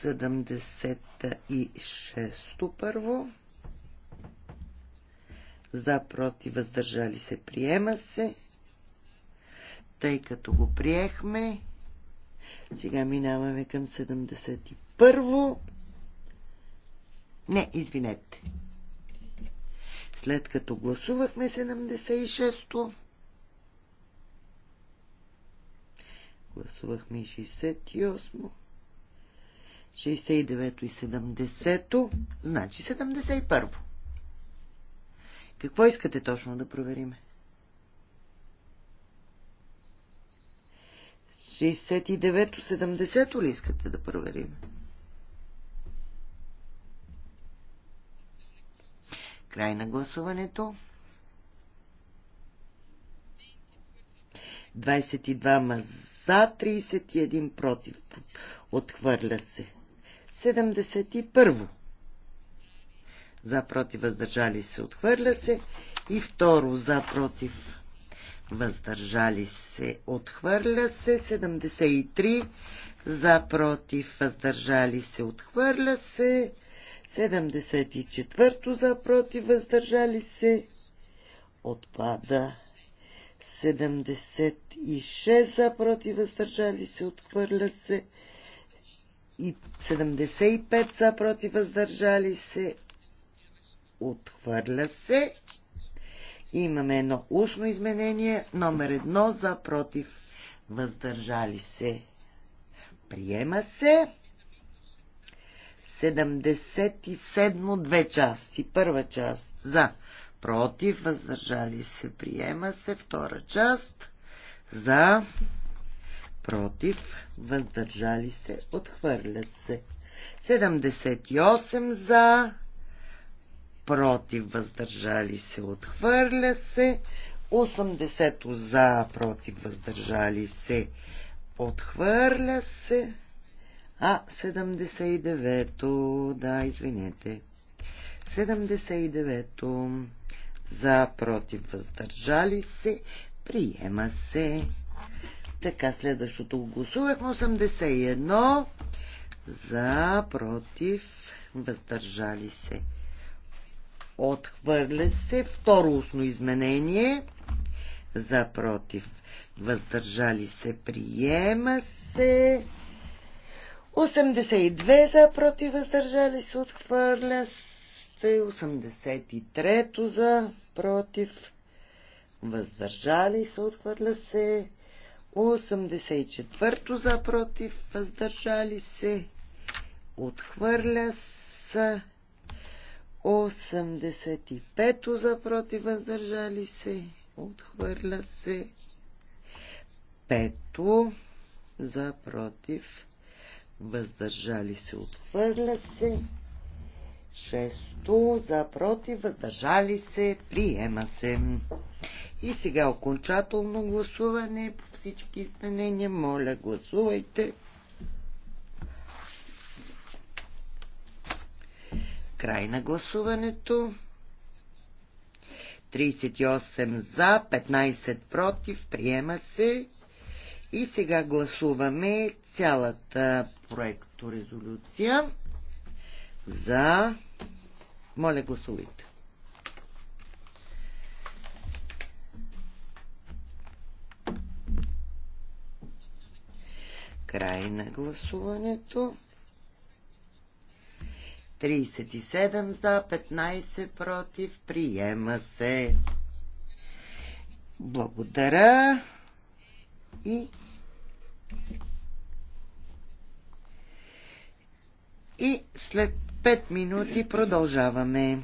S5: 76-то първо. За, против, въздържали се, приема се тъй като го приехме. Сега минаваме към 71-во. Не, извинете. След като гласувахме 76-то, гласувахме 68-то, 69-то и 70-то, значи 71-во. Какво искате точно да провериме? 69 70 ли искате да проверим? Край на гласуването. 22 ма за, 31 против. Отхвърля се. 71. За, против, въздържали се. Отхвърля се. И второ, за, против, въздържали се, отхвърля се, 73 за, против, въздържали се, отхвърля се, 74 за, против, въздържали се, отпада, 76 за, против, въздържали се, отхвърля се, и 75 за, против, въздържали се, отхвърля се. Имаме едно устно изменение, номер едно за против. Въздържали се. Приема се. 77 две части. Първа част за против, въздържали се, приема се. Втора част за против, въздържали се, отхвърля се. 78 за против, въздържали се, отхвърля се. 80 за, против, въздържали се, отхвърля се. А, 79-то, да, извинете. 79-то, за, против, въздържали се, приема се. Така, следващото го гласувахме. 81 за, против, въздържали се. Отхвърля се. Второ устно изменение. За против. Въздържали се. Приема се. 82 за против. Въздържали се. Отхвърля се. 83 за против. Въздържали се. Отхвърля се. 84 за против. Въздържали се. Отхвърля се. 85-то за против въздържали се. Отхвърля се. Пето за против въздържали се. Отхвърля се. Шесто за против въздържали се. Приема се. И сега окончателно гласуване по всички изменения. Моля, гласувайте. Край на гласуването. 38 за, 15 против. Приема се. И сега гласуваме цялата проекторезолюция за... Моля, гласувайте. Край на гласуването. 37 за, 15 против. Приема се. Благодаря. И и след 5 минути продължаваме.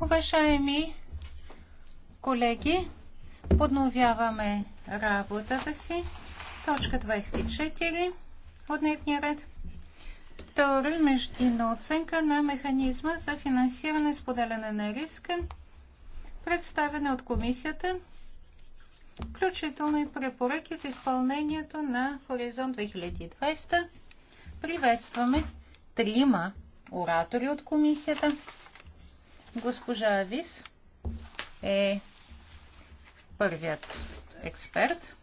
S2: Уважаеми колеги, подновяваме работата си. Точка 24 от дневния ред. Втора междинна оценка на механизма за финансиране и споделяне на риска, представена от комисията, включително и препоръки с изпълнението на Хоризонт 2020. Приветстваме трима оратори от комисията. Госпожа Авис е първият експерт.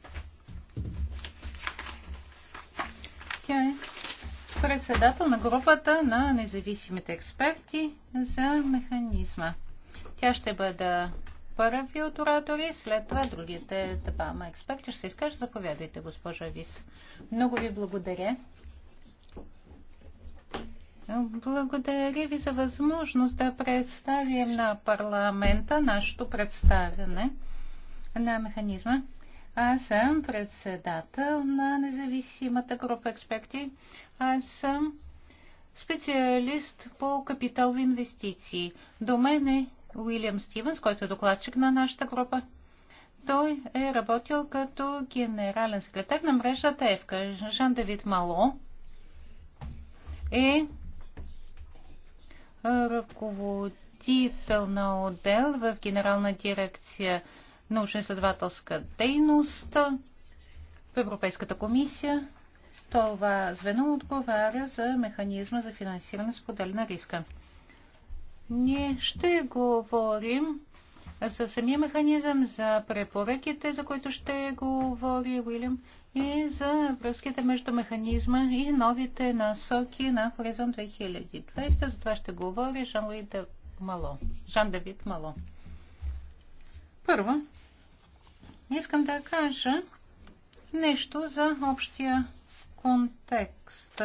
S2: Тя е председател на групата на независимите експерти за механизма. Тя ще бъде първи от оратори, след това другите двама експерти ще се изкажат. Заповядайте, госпожа Вис. Много ви благодаря. Благодаря ви за възможност да представим на парламента нашето представяне на механизма. Аз съм председател на независимата група експерти. Аз съм специалист по в инвестиции. До мен е Уилям Стивенс, който е докладчик на нашата група. Той е работил като генерален секретар на мрежата ЕФКА. Жан Давид Мало е ръководител на отдел в Генерална дирекция научно-изследователска дейност в Европейската комисия. Това звено отговаря за механизма за финансиране с подели на риска. Ние ще говорим за самия механизъм, за препоръките, за които ще говори Уилям и за връзките между механизма и новите насоки на Хоризонт 2020. За това ще говори Жан-Луи Мало. Жан Давид Мало. Първо, искам да кажа нещо за общия контекст.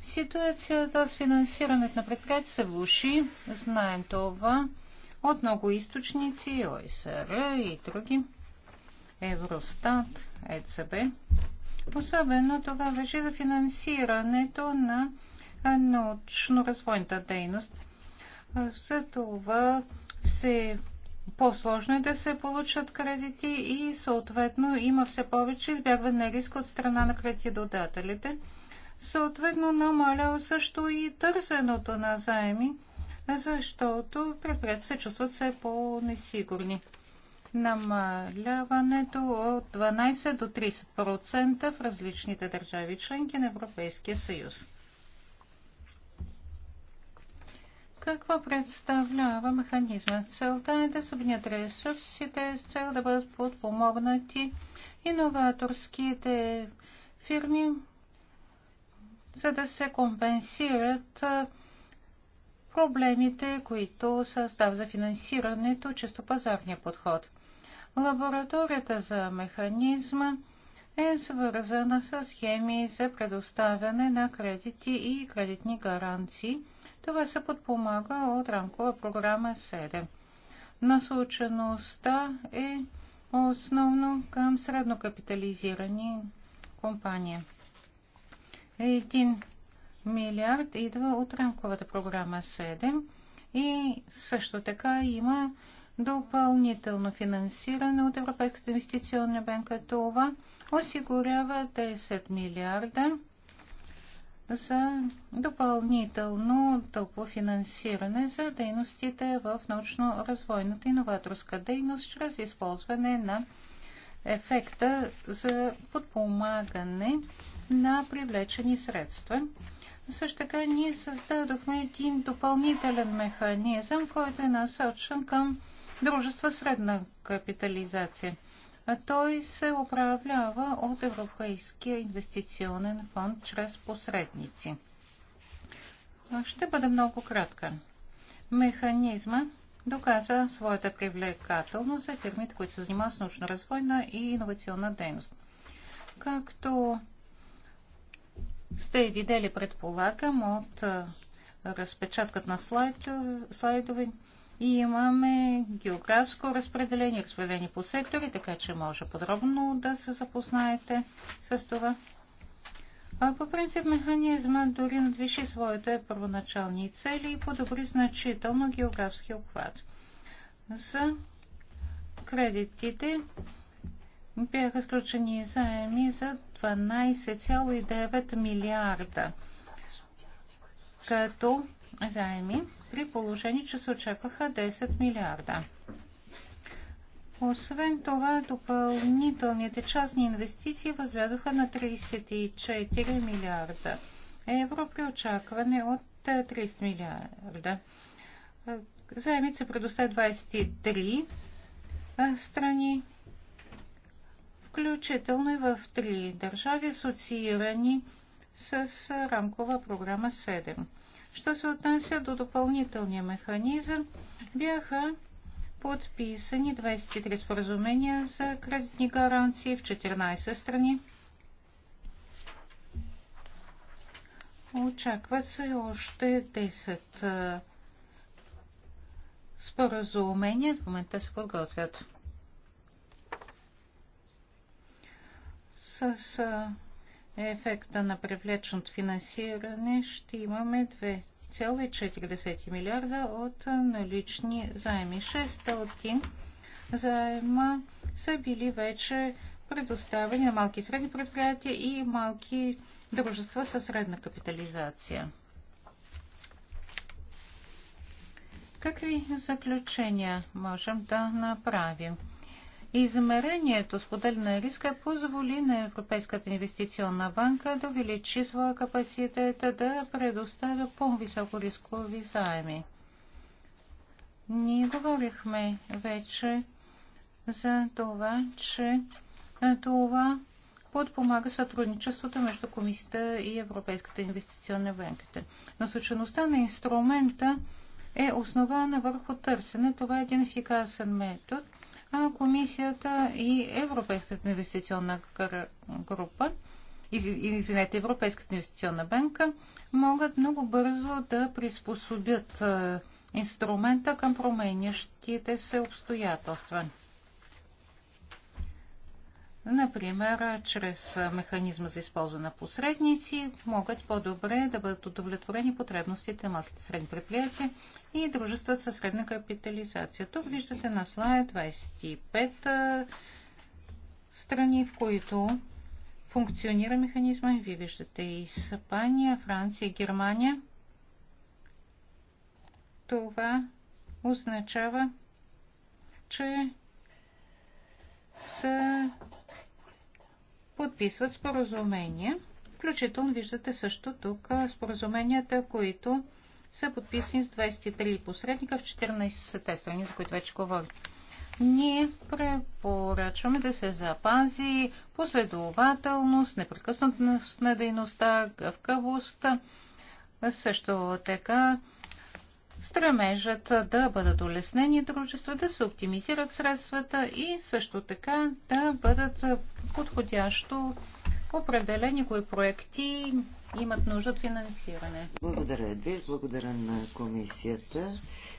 S2: Ситуацията с финансирането на предприятия се влуши, знаем това, от много източници, ОСР и други. Евростат, ЕЦБ. Особено това вежи за финансирането на научно-развойната дейност. За това все по-сложно е да се получат кредити и съответно има все повече избягване на риск от страна на кредитодателите. Съответно намалява също и търсеното на заеми, защото предприятията се чувстват все по-несигурни намаляването от 12 до 30% в различните държави членки на Европейския съюз. Какво представлява механизма? Целта е да събнят ресурсите с цел да бъдат подпомогнати иноваторските фирми, за да се компенсират проблемите, които създава за финансирането често пазарния подход. Лабораторията за механизма е свързана с схеми за предоставяне на кредити и кредитни гаранции. Това се подпомага от рамкова програма 7. Насочеността е основно към среднокапитализирани компании. Един милиард идва от рамковата програма 7 и също така има допълнително финансиране от Европейската инвестиционна банка. Това осигурява 10 милиарда за допълнително тълпо финансиране за дейностите в научно-развойната иноваторска дейност чрез използване на ефекта за подпомагане на привлечени средства. Също така ние създадохме един допълнителен механизъм, който е насочен към дружества средна капитализация. Той се управлява от Европейския инвестиционен фонд чрез посредници. Ще бъде много кратка. Механизма доказа своята привлекателност за фирмите, които се занимават с научно-развойна и иновационна дейност. Както сте видели, предполагам, от разпечатката на слайдове, и имаме географско разпределение, разпределение по сектори, така че може подробно да се запознаете с това. А по принцип механизма дори надвиши своите първоначални цели и подобри значително географски обхват. За кредитите бяха сключени заеми за 12,9 милиарда, като заеми, при положение, че се очакваха 10 милиарда. Освен това, допълнителните частни инвестиции възлядоха на 34 милиарда евро при очакване от 30 милиарда. Заемите се предоставят 23 страни, включително и в три държави, асоциирани с рамкова програма 7. Що се отнася до допълнителния механизъм, бяха подписани 23 споразумения за кредитни гаранции в 14 страни. Очакват се още 10 споразумения. В момента се подготвят. С ефекта на привлеченото финансиране ще имаме 2,4 милиарда от налични заеми. 600 заема са били вече предоставени на малки и средни предприятия и малки дружества със средна капитализация. Какви заключения можем да направим? Измерението с на риска позволи на Европейската инвестиционна банка да увеличи своя капацитет да предоставя по-високо рискови заеми. Ние говорихме вече за това, че това подпомага сътрудничеството между Комисията и Европейската инвестиционна банка. Насочеността на инструмента е основана върху търсене. Това е един ефикасен метод – а комисията и Европейската инвестиционна група, извинете, Европейската инвестиционна банка могат много бързо да приспособят инструмента към променящите се обстоятелства. Например, чрез механизма за използване на посредници могат по-добре да бъдат удовлетворени потребностите на малките средни предприятия и дружества със средна капитализация. Тук виждате на слайд 25 страни, в които функционира механизма. Вие виждате и Испания, Франция, Германия. Това означава, че са подписват споразумения. Включително виждате също тук споразуменията, които са подписани с 23 посредника в 14-те страни, за които вече говорим. Ние препоръчваме да се запази последователност, непрекъснатост на дейността, гъвкавост, също така стремежат да бъдат улеснени дружества, да се оптимизират средствата и също така да бъдат подходящо определени кои проекти имат нужда от финансиране.
S5: Благодаря, ви, Благодаря на комисията.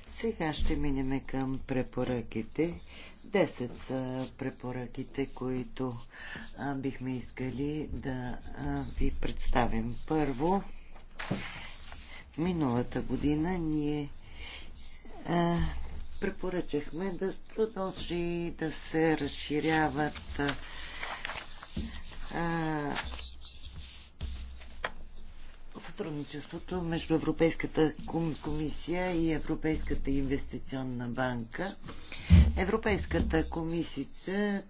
S5: Сега ще минеме към препоръките. Десет са препоръките, които а, бихме искали да а, ви представим. Първо, Миналата година ние а, препоръчахме да продължи да се разширяват а, сътрудничеството между Европейската комисия и Европейската инвестиционна банка. Европейската комисия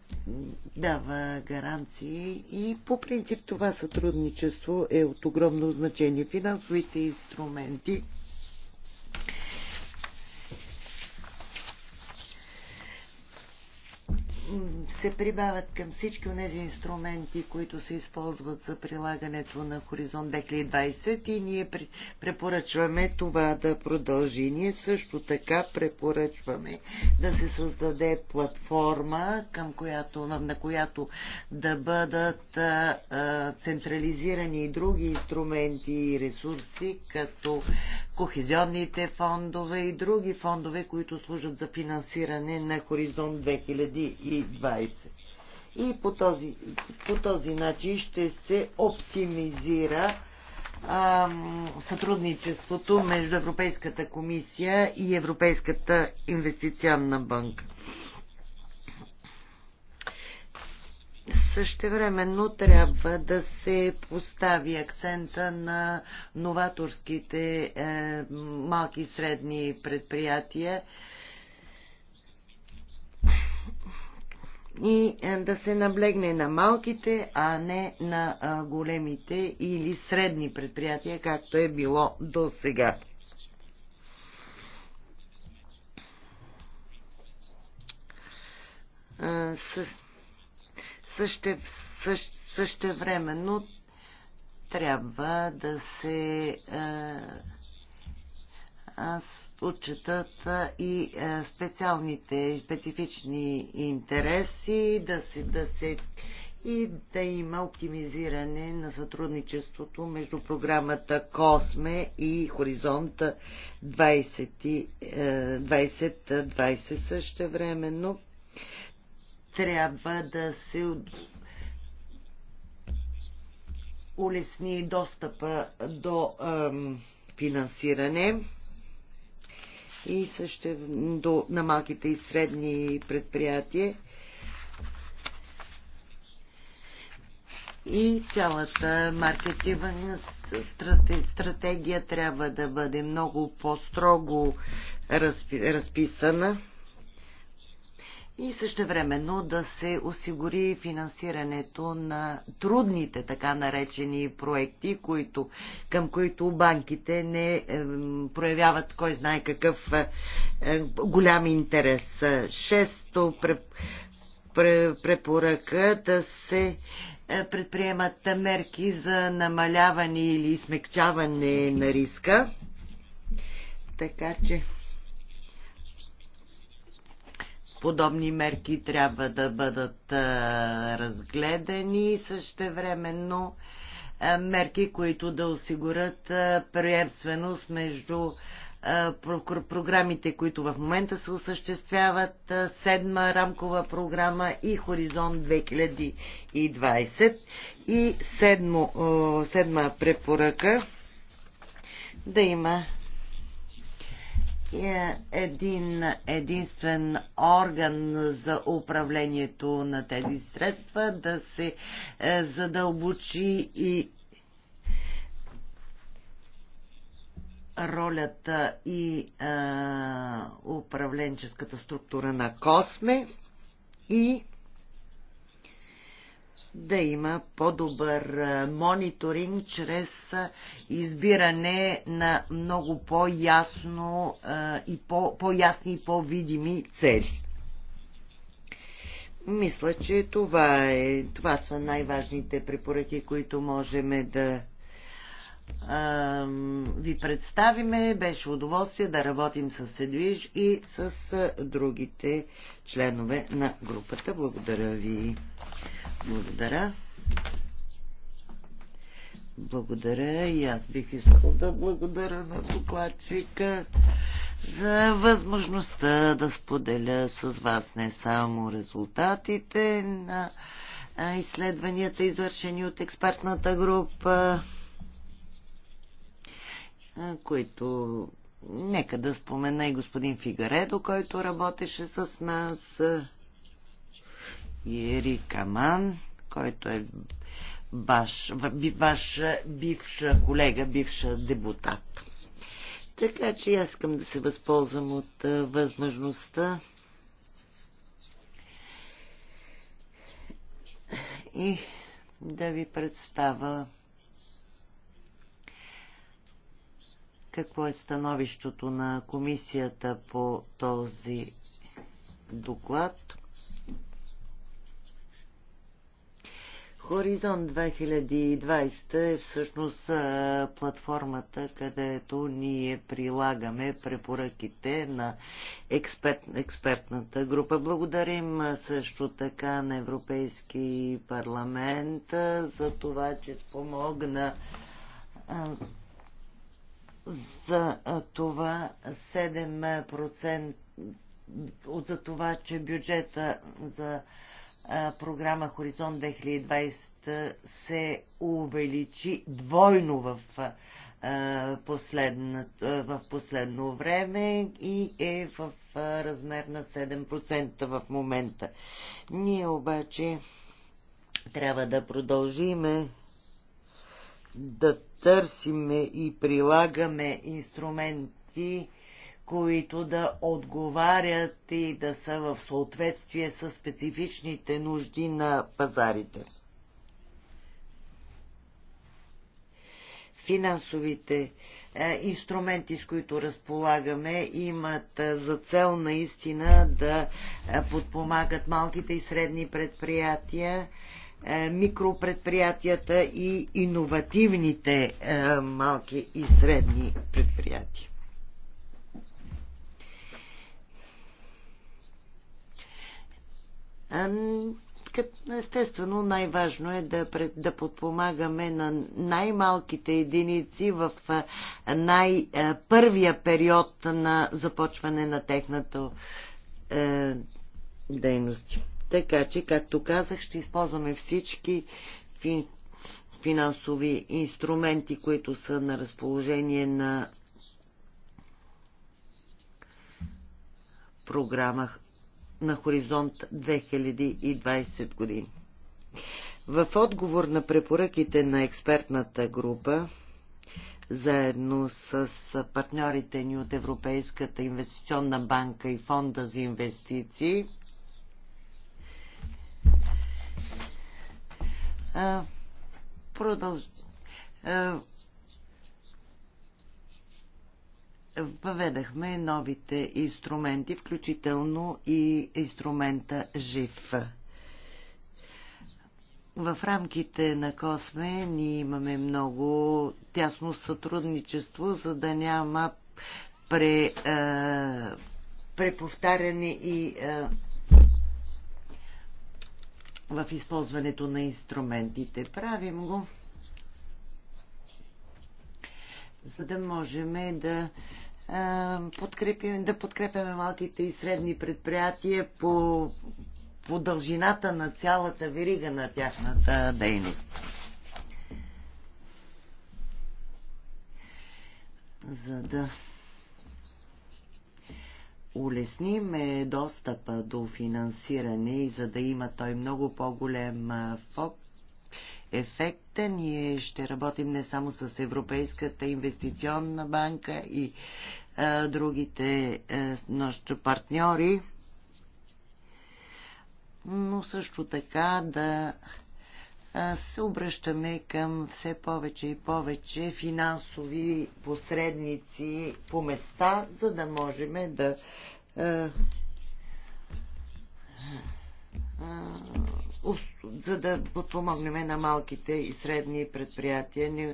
S5: дава гаранции и по принцип това сътрудничество е от огромно значение. Финансовите инструменти се прибавят към всички от тези инструменти, които се използват за прилагането на Хоризонт 2020 и ние препоръчваме това да продължи. Ние също така препоръчваме да се създаде платформа, към която, на която да бъдат а, централизирани и други инструменти и ресурси, като кохезионните фондове и други фондове, които служат за финансиране на Хоризонт 2020. 2020. И по този, по този начин ще се оптимизира а, сътрудничеството между Европейската комисия и Европейската инвестиционна банка. Същевременно трябва да се постави акцента на новаторските е, малки и средни предприятия и е, да се наблегне на малките, а не на големите или средни предприятия, както е било до сега. Съще, съще, същевременно трябва да се Аз отчитат и специалните и специфични интереси, да се, да се и да има оптимизиране на сътрудничеството между програмата Косме и Хоризонта 2020. Е, също времено трябва да се улесни достъпа до ем, финансиране и също до, на малките и средни предприятия. И цялата маркетинг стратегия трябва да бъде много по-строго разписана и същевременно да се осигури финансирането на трудните така наречени проекти, които, към които банките не е, проявяват кой знае какъв е, е голям интерес. Шесто препоръка да се е, предприемат мерки за намаляване или смекчаване на риска. Така че подобни мерки трябва да бъдат разгледани и същевременно мерки, които да осигурят приемственост между програмите, които в момента се осъществяват, седма рамкова програма и Хоризонт 2020 и седмо, седма препоръка да има е един единствен орган за управлението на тези средства, да се е, задълбочи и ролята и а, е, управленческата структура на Косме и да има по-добър мониторинг чрез избиране на много по-ясно и по-ясни и по-видими цели. Мисля, че това, е, това са най-важните препоръки, които можем да а, ви представиме. Беше удоволствие да работим с Седвиж и с другите членове на групата. Благодаря ви. Благодаря. Благодаря и аз бих искал да благодаря на докладчика за възможността да споделя с вас не само резултатите на изследванията, извършени от експертната група, които нека да спомена и господин Фигаредо, който работеше с нас Рика Каман, който е ваш, ваш бивша колега, бивша депутат. Така че аз искам да се възползвам от а, възможността и да ви представя какво е становището на комисията по този доклад. Хоризонт 2020 е всъщност платформата, където ние прилагаме препоръките на експерт, експертната група. Благодарим също така на Европейски парламент за това, че спомогна за това 7% за това, че бюджета за програма Хоризонт 2020 се увеличи двойно в последно, в последно време и е в размер на 7% в момента. Ние обаче трябва да продължиме да търсиме и прилагаме инструменти, които да отговарят и да са в съответствие с специфичните нужди на пазарите. Финансовите е, инструменти, с които разполагаме, имат е, за цел наистина да е, подпомагат малките и средни предприятия, микропредприятията и иновативните малки и средни предприятия. Естествено, най-важно е да, да подпомагаме на най-малките единици в най-първия период на започване на техната е, дейност. Така че, както казах, ще използваме всички финансови инструменти, които са на разположение на програма на хоризонт 2020 години. В отговор на препоръките на експертната група, заедно с партньорите ни от Европейската инвестиционна банка и Фонда за инвестиции, продължаваме. въведахме новите инструменти, включително и инструмента жив. В рамките на Косме ние имаме много тясно сътрудничество, за да няма пре, а, е, преповтаряне и а, е, в използването на инструментите. Правим го, за да можем да подкрепим, да подкрепяме малките и средни предприятия по, по дължината на цялата верига на тяхната дейност. За да улесниме достъпа до финансиране и за да има той много по-голем фокус ефекта. Ние ще работим не само с Европейската инвестиционна банка и а, другите а, нашите партньори, но също така да се обръщаме към все повече и повече финансови посредници по места, за да можем да за да подпомогнем на малките и средни предприятия.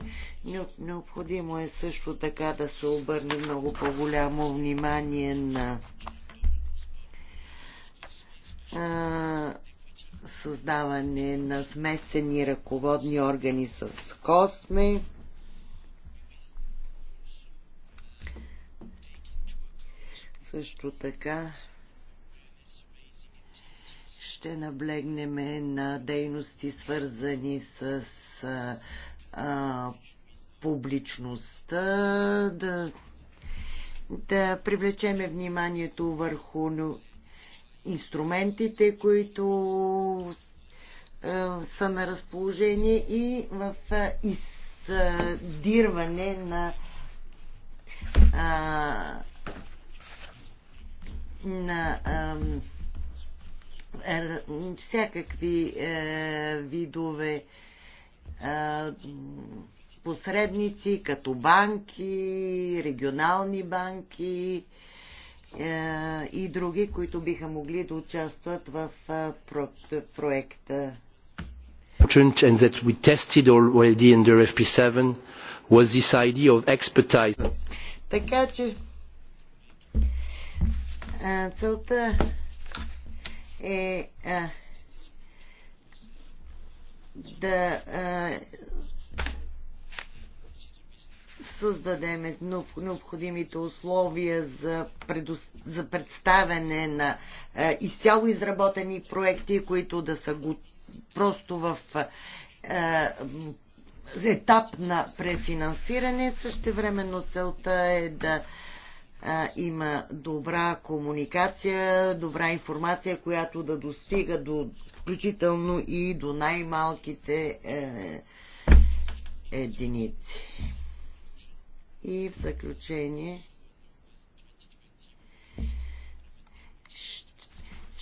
S5: Необходимо е също така да се обърне много по-голямо внимание на създаване на смесени ръководни органи с косме. Също така ще наблегнем на дейности, свързани с а, публичността, да, да привлечеме вниманието върху инструментите, които са на разположение и в издирване на а, на а, всякакви е, видове е, посредници, като банки, регионални банки е, и други, които биха могли да участват в проекта.
S3: And that we tested already in the RFP7 was this idea of expertise.
S5: Така че целта е а, да а, създадем необходимите условия за, предо... за представяне на а, изцяло изработени проекти, които да са го... просто в а, етап на префинансиране. времено целта е да има добра комуникация, добра информация, която да достига до, включително и до най-малките е, единици. И в заключение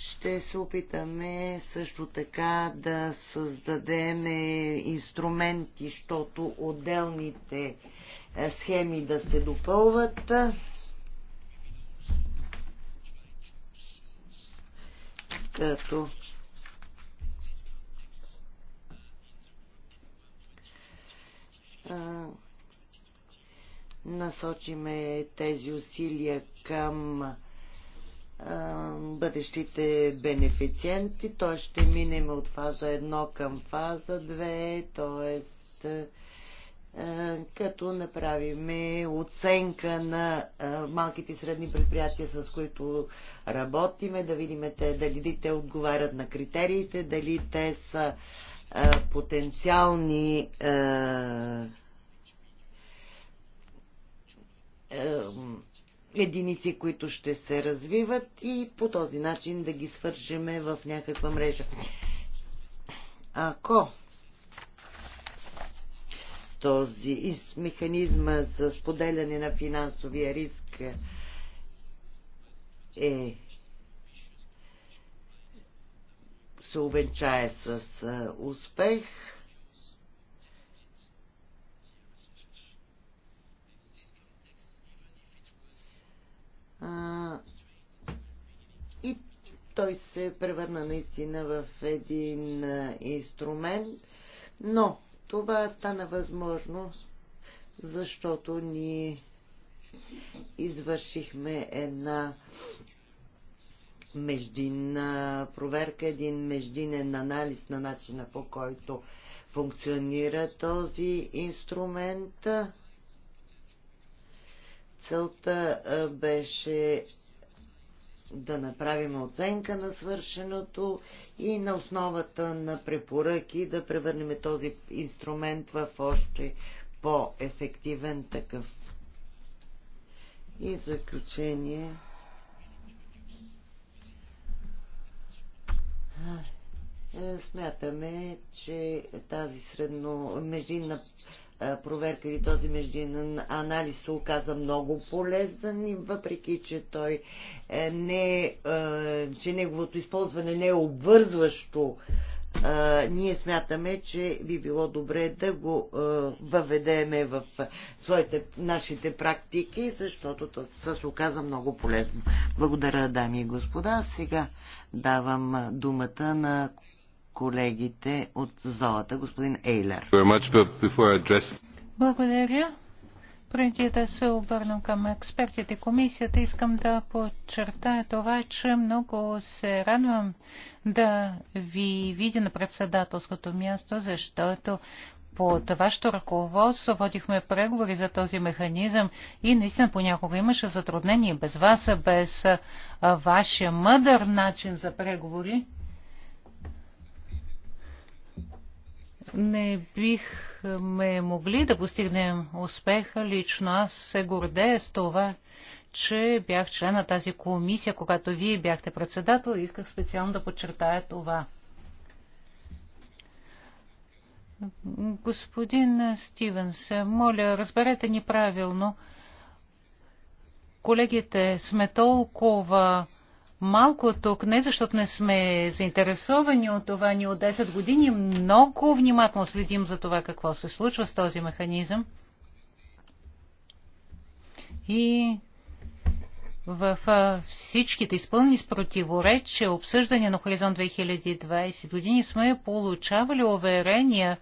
S5: ще се опитаме също така да създадем инструменти, защото отделните е, схеми да се допълват. като а, насочиме тези усилия към а, бъдещите бенефициенти, то ще минем от фаза 1 към фаза 2, т.е. Е, като направиме оценка на е, малките и средни предприятия, с които работиме, да видим те, дали те отговарят на критериите, дали те са е, потенциални единици, които ще се развиват и по този начин да ги свържеме в някаква мрежа. Ако този механизма за споделяне на финансовия риск е се увенчае с успех. и той се превърна наистина в един инструмент, но това стана е възможно, защото ние извършихме една междинна проверка, един междинен анализ на начина по който функционира този инструмент. Целта беше да направим оценка на свършеното и на основата на препоръки да превърнем този инструмент в още по-ефективен такъв. И в заключение. Е, смятаме, че тази средно междинна проверка или този междинен анализ се оказа много полезен, въпреки че той е, не, че неговото използване не е обвързващо, ние смятаме, че би било добре да го въведеме в своите, нашите практики, защото то се оказа много полезно. Благодаря, дами и господа. Сега давам думата на колегите от залата. Господин Ейлер.
S2: Благодаря. Преди да се обърна към експертите комисията, искам да подчертая това, че много се радвам да ви видя на председателското място, защото под вашето ръководство водихме преговори за този механизъм и наистина понякога имаше затруднение без вас, без вашия мъдър начин за преговори. не бихме могли да постигнем успеха. Лично аз се гордея с това, че бях член на тази комисия, когато вие бяхте председател. Исках специално да подчертая това. Господин Стивенс, моля, разберете ни правилно. Колегите сме толкова малко тук, не защото не сме заинтересовани от това. Ние от 10 години много внимателно следим за това какво се случва с този механизъм. И в всичките изпълни с противоречия обсъждания на Хоризонт 2020 години сме получавали уверения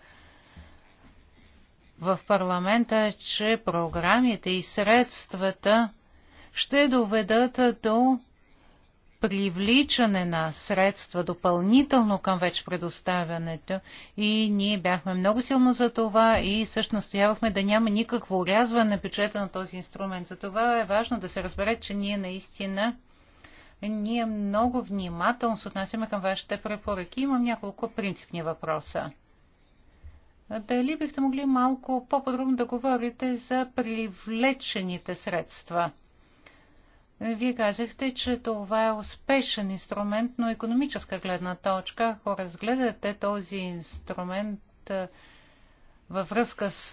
S2: в парламента, че програмите и средствата ще доведат до привличане на средства допълнително към вече предоставянето и ние бяхме много силно за това и също настоявахме да няма никакво урязване на бюджета на този инструмент. За това е важно да се разбере, че ние наистина ние много внимателно се отнасяме към вашите препоръки. Имам няколко принципни въпроса. Дали бихте могли малко по-подробно да говорите за привлечените средства? Вие казахте, че това е успешен инструмент, но економическа гледна точка, ако разгледате този инструмент във връзка с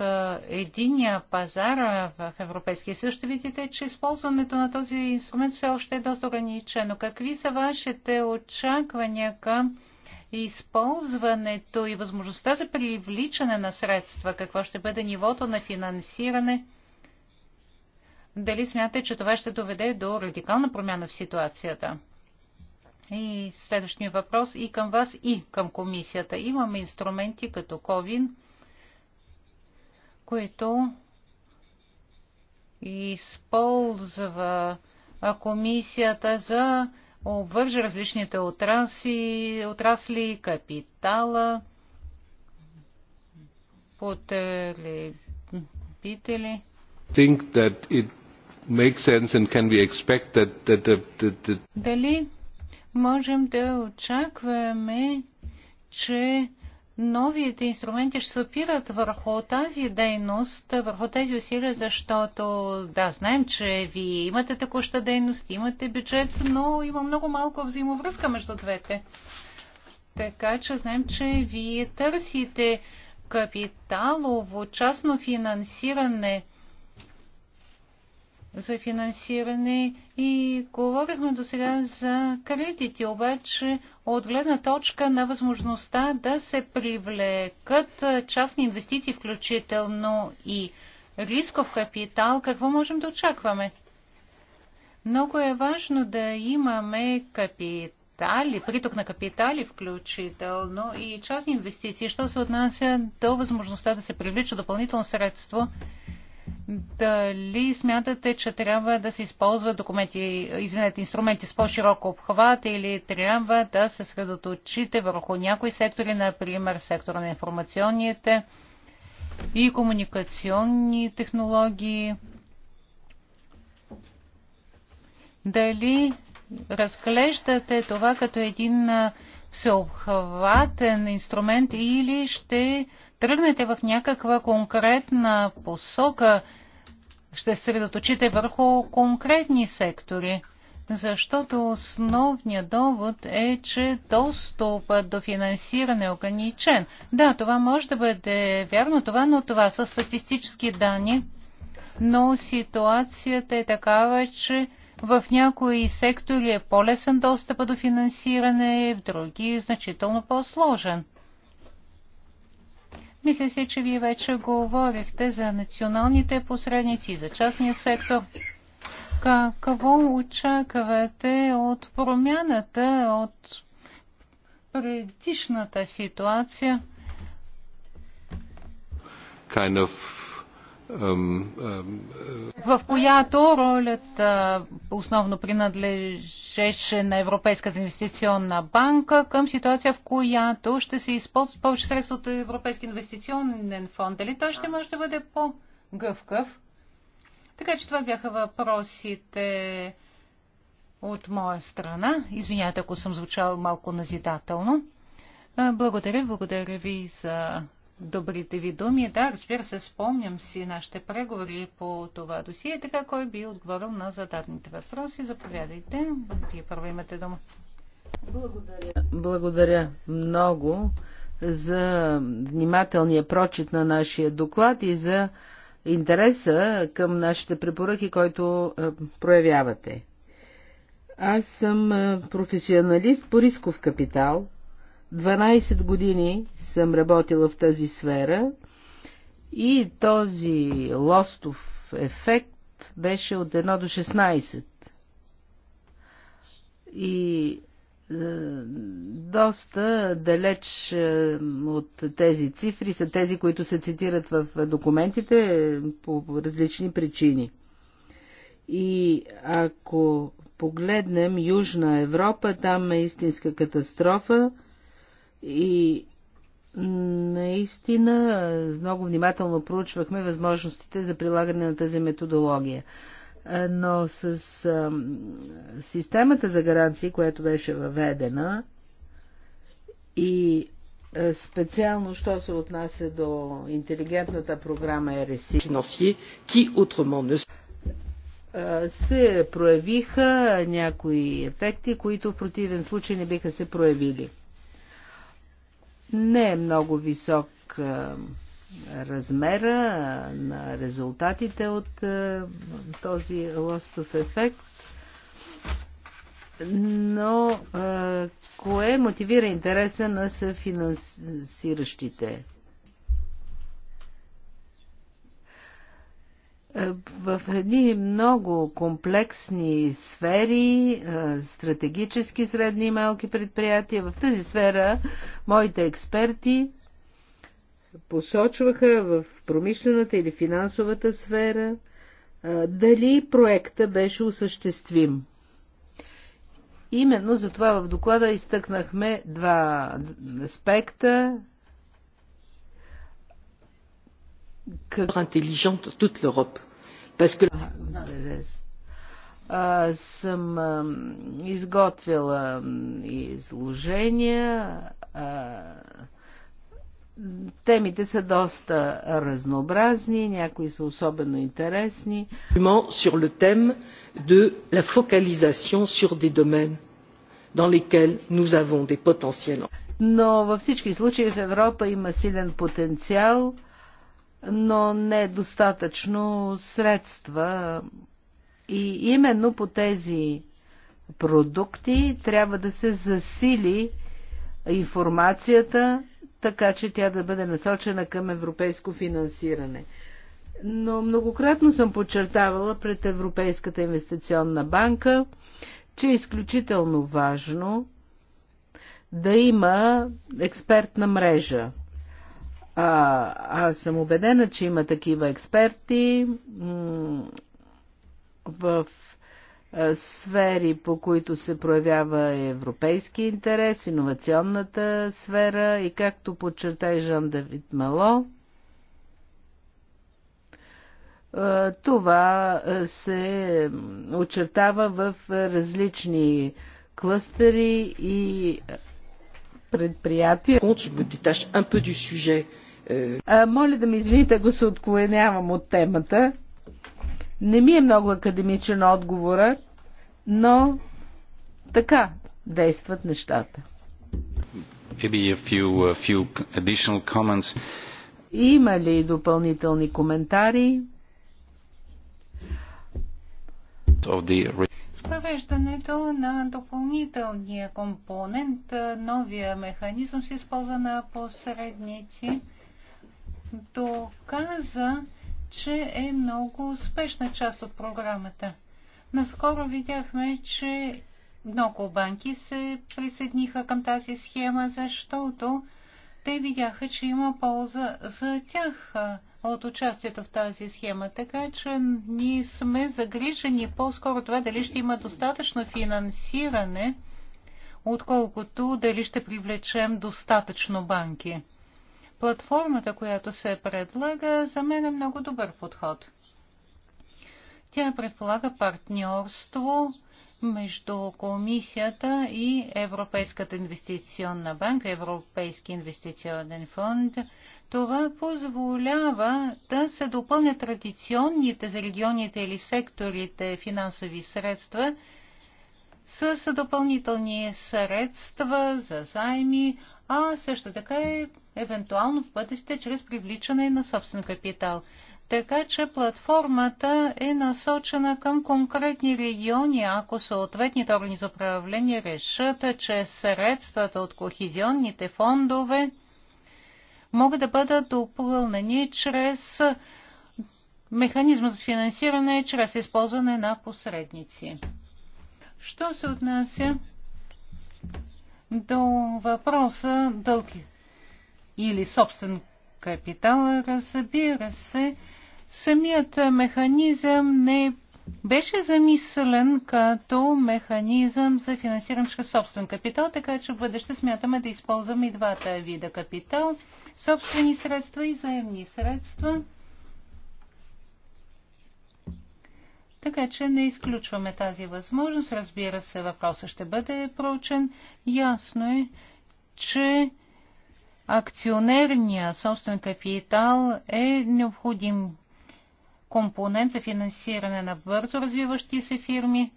S2: единия пазар в Европейския съюз, ще видите, че използването на този инструмент все още е доста ограничено. Какви са вашите очаквания към използването и възможността за привличане на средства? Какво ще бъде нивото на финансиране? дали смятате, че това ще доведе до радикална промяна в ситуацията? И следващия въпрос и към вас, и към комисията. Имаме инструменти като COVID, които използва комисията за обвържа различните отрасли, отрасли капитала, потребители.
S3: Think that it make sense and can we expect that, that, the, the, the
S2: Дали можем да очакваме, че новите инструменти ще се опират върху тази дейност, върху тези усилия, защото да, знаем, че ви имате такоща дейност, имате бюджет, но има много малко взаимовръзка между двете. Така че знаем, че вие търсите капиталово частно финансиране – за финансиране и говорихме до сега за кредити, обаче от гледна точка на възможността да се привлекат частни инвестиции, включително и рисков капитал, какво можем да очакваме? Много е важно да имаме капитали, приток на капитали включително и частни инвестиции. Що се отнася до възможността да се привлича допълнително средство, дали смятате, че трябва да се използват документи, извинете, инструменти с по-широк обхват или трябва да се средоточите върху някои сектори, например сектора на информационните и комуникационни технологии? Дали разглеждате това като един всеобхватен инструмент или ще тръгнете в някаква конкретна посока, ще се средоточите върху конкретни сектори, защото основният довод е, че достъпът до финансиране е ограничен. Да, това може да бъде вярно, това, но това са статистически данни, но ситуацията е такава, че в някои сектори е по-лесен достъп до финансиране, в други значително по-сложен. Мисля се, че вие вече говорихте за националните посредници и за частния сектор. Какво очаквате от промяната, от предишната ситуация? Kind of е, в която ролята основно принадлежеше на Европейската инвестиционна банка към ситуация, в която ще се използва повече средства от Европейски инвестиционен фонд. Дали той ще може да бъде по-гъвкав? Така че това бяха въпросите от моя страна. Извинявайте, ако съм звучал малко назидателно. Благодаря, благодаря ви за добрите ви думи. Да, разбира се, спомням си нашите преговори по това досие. така, кой би отговорил на зададните въпроси? Заповядайте. Вие първо имате дума. Благодаря.
S4: Благодаря много за внимателния прочит на нашия доклад и за интереса към нашите препоръки, който е, проявявате. Аз съм е, професионалист по рисков капитал – 12 години съм работила в тази сфера и този лостов ефект беше от 1 до 16. И е, доста далеч е, от тези цифри са тези, които се цитират в документите е, по различни причини. И ако погледнем Южна Европа, там е истинска катастрофа. И наистина много внимателно проучвахме възможностите за прилагане на тази методология. Е, но с системата за гаранции, която беше въведена и е, специално, що се отнася до интелигентната програма РСИ, е, се проявиха някои ефекти, които в противен случай не биха се проявили. Не е много висок размера на резултатите от този лостов ефект, но кое мотивира интереса на съфинансиращите? Е, в едни много комплексни сфери, е, стратегически средни и малки предприятия, в тази сфера моите експерти посочваха в промишлената или финансовата сфера е, дали проекта беше осъществим. Именно за това в доклада изтъкнахме два аспекта que intelligente toute l'Europe. Parce que... Ah, съм изготвила изложения. темите са доста разнообразни, някои са особено интересни. Sur le thème de la focalisation sur des domaines dans lesquels nous avons des potentiels. Но във всички случаи в Европа има силен потенциал но не достатъчно средства. И именно по тези продукти трябва да се засили информацията, така че тя да бъде насочена към европейско финансиране. Но многократно съм подчертавала пред Европейската инвестиционна банка, че е изключително важно да има експертна мрежа а, аз съм убедена, че има такива експерти в сфери, по които се проявява европейски интерес, в инновационната сфера и както подчертай Жан Давид Мало, това се очертава в различни клъстери и предприятия. моля да ми извините, ако се отклонявам от темата. Не ми е много академичен отговора, но така действат нещата.
S3: A few, a
S1: few
S4: Има ли допълнителни коментари?
S1: The...
S4: Въвеждането
S2: на допълнителния компонент, новия механизъм с използва на посредници, доказа, че е много успешна част от програмата. Наскоро видяхме, че много банки се присъединиха към тази схема, защото те видяха, че има полза за тях от участието в тази схема. Така че ние сме загрижени по-скоро това дали ще има достатъчно финансиране, отколкото дали ще привлечем достатъчно банки. Платформата, която се предлага, за мен е много добър подход. Тя предполага партньорство между комисията и Европейската инвестиционна банка, Европейски инвестиционен фонд. Това позволява да се допълнят традиционните за регионите или секторите финансови средства с допълнителни средства за займи, а също така и евентуално в бъдеще чрез привличане на собствен капитал. Така че платформата е насочена към конкретни региони, ако съответните органи за управление решат, че средствата от кохизионните фондове могат да бъдат допълнени чрез механизма за финансиране, чрез използване на посредници. Що се отнася до въпроса дълги или собствен капитал, разбира се, Самият механизъм не беше замислен като механизъм за финансиране чрез собствен капитал, така че в бъдеще смятаме да използваме и двата вида капитал – собствени средства и заемни средства. Така че не изключваме тази възможност. Разбира се, въпросът ще бъде проучен. Ясно е, че акционерния собствен капитал е необходим компонент за финансиране на бързо развиващи се фирми,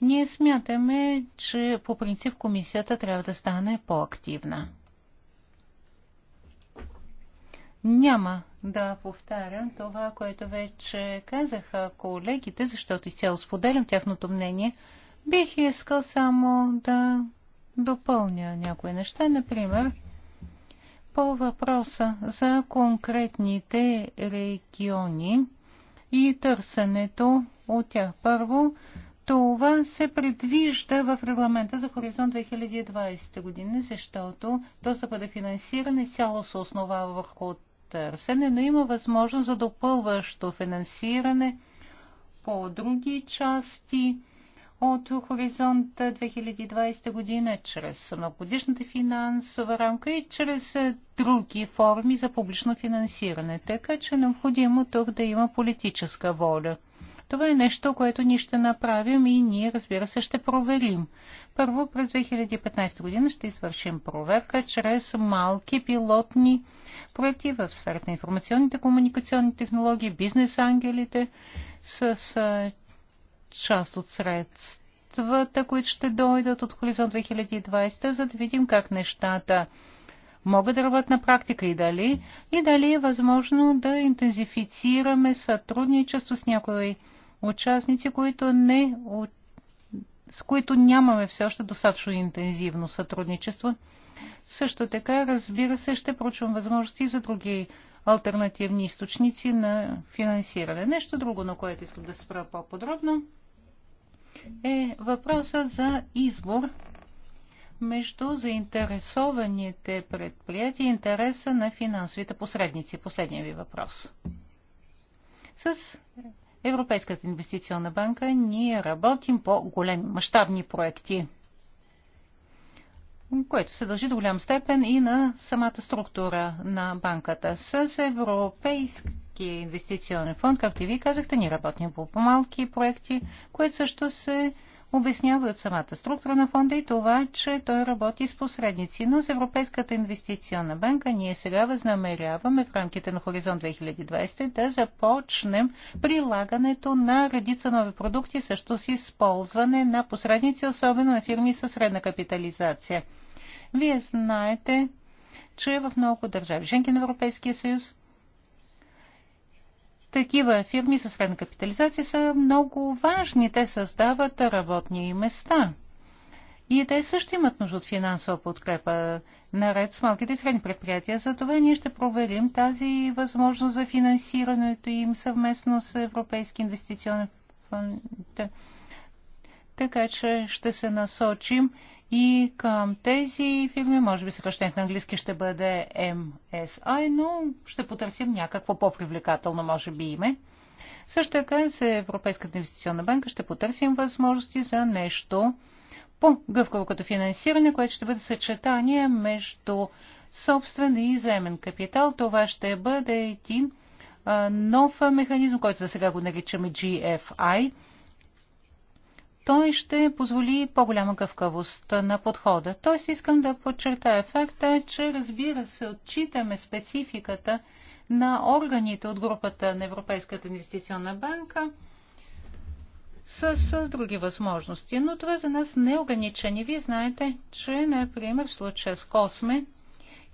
S2: ние смятаме, че по принцип комисията трябва да стане по-активна. Няма да повтарям това, което вече казаха колегите, защото изцяло споделям тяхното мнение. Бих искал само да допълня някои неща. Например, по въпроса за конкретните региони, и търсенето от тях. Първо, това се предвижда в регламента за Хоризонт 2020 година, защото то да бъде финансиран и цяло се основава върху търсене, но има възможност за допълващо финансиране по други части от Хоризонт 2020 година, чрез многогодишната финансова рамка и чрез е, други форми за публично финансиране. Така че е необходимо тук да има политическа воля. Това е нещо, което ние ще направим и ние, разбира се, ще проверим. Първо през 2015 година ще извършим проверка чрез малки пилотни проекти в сферата на информационните комуникационни технологии, бизнес-ангелите с е, част от средствата, които ще дойдат от Хоризонт 2020, за да видим как нещата могат да работят на практика и дали, и дали е възможно да интензифицираме сътрудничество с някои участници, които не, с които нямаме все още достатъчно интензивно сътрудничество. Също така, разбира се, ще проучвам възможности за други альтернативни източници на финансиране. Нещо друго, на което искам да спра по-подробно е въпросът за избор между заинтересованите предприятия и интереса на финансовите посредници. Последния ви въпрос. С Европейската инвестиционна банка ние работим по големи мащабни проекти – което се дължи до голям степен и на самата структура на банката. С Европейския инвестиционен фонд, както и вие казахте, ние работим по по-малки проекти, което също се от самата структура на фонда и това, че той работи с посредници. Но с Европейската инвестиционна банка ние сега възнамеряваме в рамките на Хоризонт 2020 да започнем прилагането на редица нови продукти, също с използване на посредници, особено на фирми със средна капитализация. Вие знаете, че в много държави, членки на Европейския съюз, такива фирми със средна капитализация са много важни. Те създават работни места. И те също имат нужда от финансова подкрепа наред с малките и средни предприятия. Затова ние ще проверим тази възможност за финансирането им съвместно с Европейски инвестиционен фонд. Така че ще се насочим и към тези фирми, може би съкръщението на английски ще бъде MSI, но ще потърсим някакво по-привлекателно, може би, име. Също така с Европейската инвестиционна банка ще потърсим възможности за нещо по-гъвкаво като финансиране, което ще бъде съчетание между собствен и заемен капитал. Това ще бъде един нов механизъм, който за сега го наричаме GFI – той ще позволи по-голяма гъвкавост на подхода. Тоест искам да подчертая факта, че разбира се, отчитаме спецификата на органите от групата на Европейската инвестиционна банка с други възможности. Но това за нас не е ограничение. Вие знаете, че, например, в случая с Косме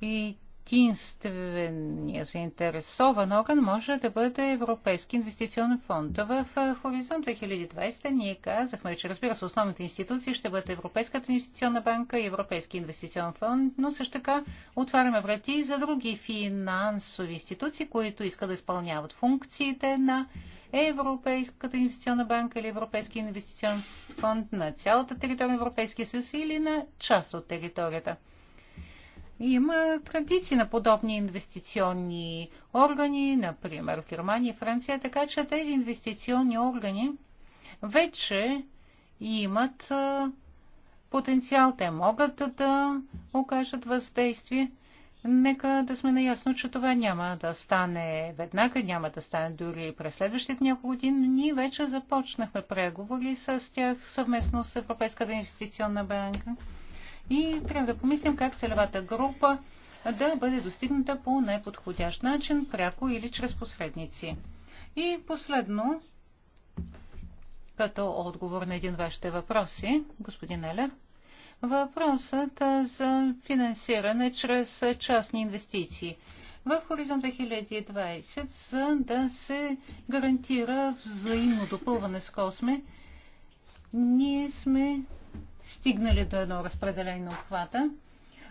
S2: и единствения заинтересован орган може да бъде Европейски инвестиционен фонд. В Хоризонт 2020 ние казахме, че разбира се, основните институции ще бъдат Европейската инвестиционна банка и Европейски инвестиционен фонд, но също така отваряме врати за други финансови институции, които искат да изпълняват функциите на Европейската инвестиционна банка или Европейски инвестиционен фонд на цялата територия на Европейския съюз или на част от територията. Има традиции на подобни инвестиционни органи, например в Германия и Франция, така че тези инвестиционни органи вече имат потенциал, те могат да окажат въздействие. Нека да сме наясно, че това няма да стане веднага, няма да стане дори през следващите няколко години. Ние вече започнахме преговори с тях съвместно с Европейската инвестиционна банка и трябва да помислим как целевата група да бъде достигната по най-подходящ начин, пряко или чрез посредници. И последно, като отговор на един вашите въпроси, господин Елер, въпросът за финансиране чрез частни инвестиции в Хоризонт 2020, за да се гарантира взаимно допълване с Косме, ние сме стигнали до едно разпределение на обхвата.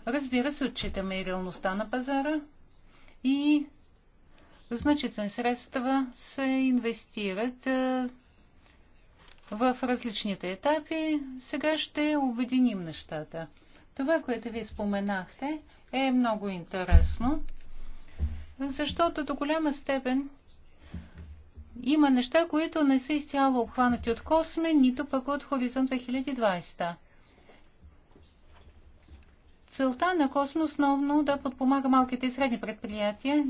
S2: Разбира се, отчитаме и реалността на пазара и значителни средства се инвестират е, в различните етапи. Сега ще обединим нещата. Това, което ви споменахте, е много интересно, защото до голяма степен има неща, които не са изцяло обхванати от Косме, нито пък от Хоризонт 2020. Целта на Космо основно да подпомага малките и средни предприятия.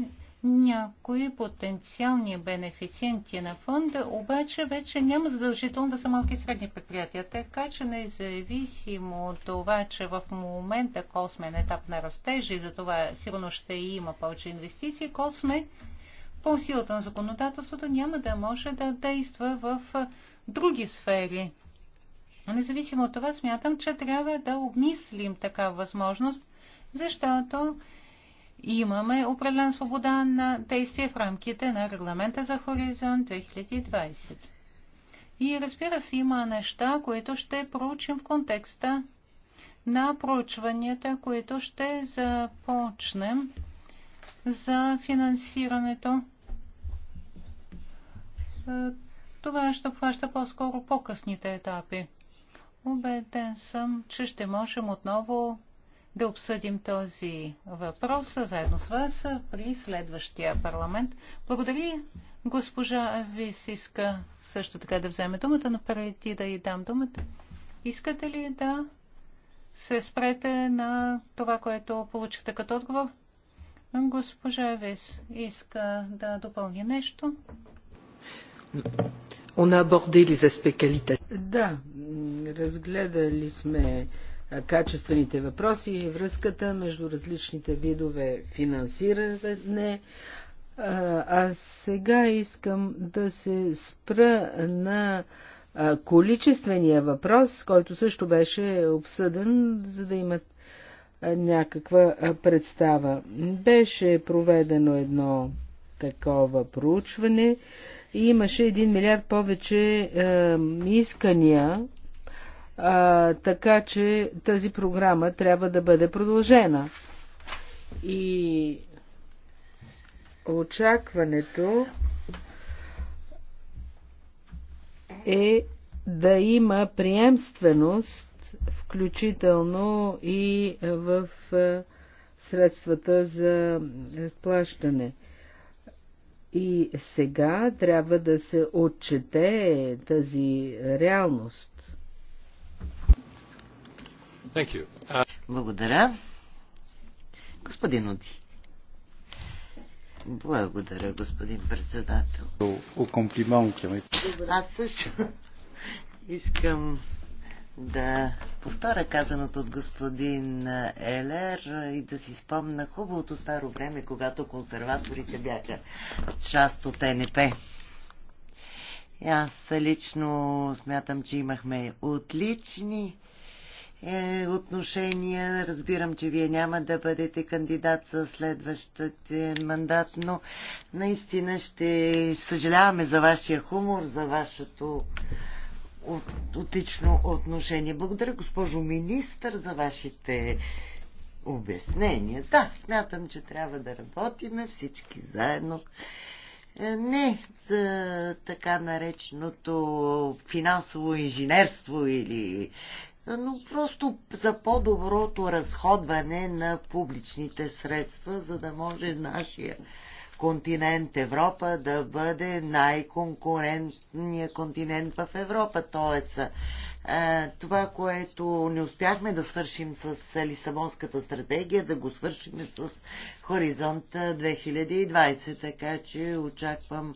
S2: Някои потенциални бенефициенти на фонда обаче вече няма задължително да са малки и средни предприятия. Така че независимо от това, че в момента Косме е на етап на растежа и затова сигурно ще има повече инвестиции, Косме по силата на законодателството няма да може да действа в други сфери Независимо от това, смятам, че трябва да обмислим такава възможност, защото имаме определен свобода на действие в рамките на регламента за Хоризонт 2020. И разбира се, има неща, които ще проучим в контекста на проучванията, които ще започнем за финансирането. Е, това ще обхваща по-скоро по-късните етапи. Убеден съм, че ще можем отново да обсъдим този въпрос заедно с вас при следващия парламент. Благодаря. Госпожа Вис иска също така да вземе думата, но преди да й дам думата, искате ли да се спрете на това, което получихте като отговор? Госпожа Вис иска да допълни нещо.
S4: Да, Разгледали сме качествените въпроси и връзката между различните видове финансиране. А сега искам да се спра на количествения въпрос, който също беше обсъден, за да имат някаква представа. Беше проведено едно такова проучване и имаше 1 милиард повече искания а, така че тази програма трябва да бъде продължена. И очакването е да има приемственост, включително и в средствата за сплащане. И сега трябва да се отчете тази реалност.
S5: Благодаря. Господин Уди. Благодаря, господин председател. Аз също искам да повторя казаното от господин Елер и да си спомна хубавото старо време, когато консерваторите бяха част от НП. И аз лично смятам, че имахме отлични е, отношения. Разбирам, че вие няма да бъдете кандидат за следващата мандат, но наистина ще съжаляваме за вашия хумор, за вашето от, отлично отношение. Благодаря, госпожо министър, за вашите обяснения. Да, смятам, че трябва да работиме всички заедно. Е, не за така нареченото финансово инженерство или но просто за по-доброто разходване на публичните средства, за да може нашия континент Европа да бъде най-конкурентният континент в Европа. Тоест, е, това, което не успяхме да свършим с Лисабонската стратегия, да го свършим с Хоризонт 2020. Така че очаквам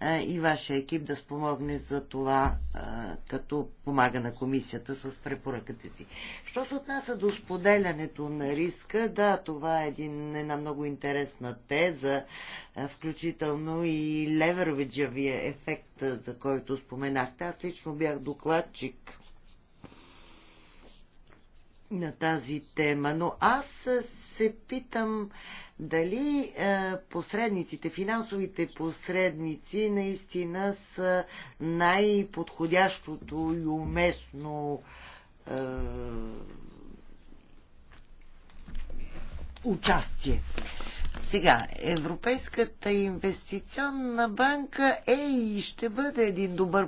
S5: е, и вашия екип да спомогне за това, е, като помага на комисията с препоръката си. Що се отнася до споделянето на риска, да, това е един, една много интересна теза, е, включително и левервиджавия ефект, за който споменахте. Аз лично бях докладчик на тази тема, но аз се питам дали е, посредниците, финансовите посредници наистина са най-подходящото и уместно е, участие. Сега, Европейската инвестиционна банка е и ще бъде един добър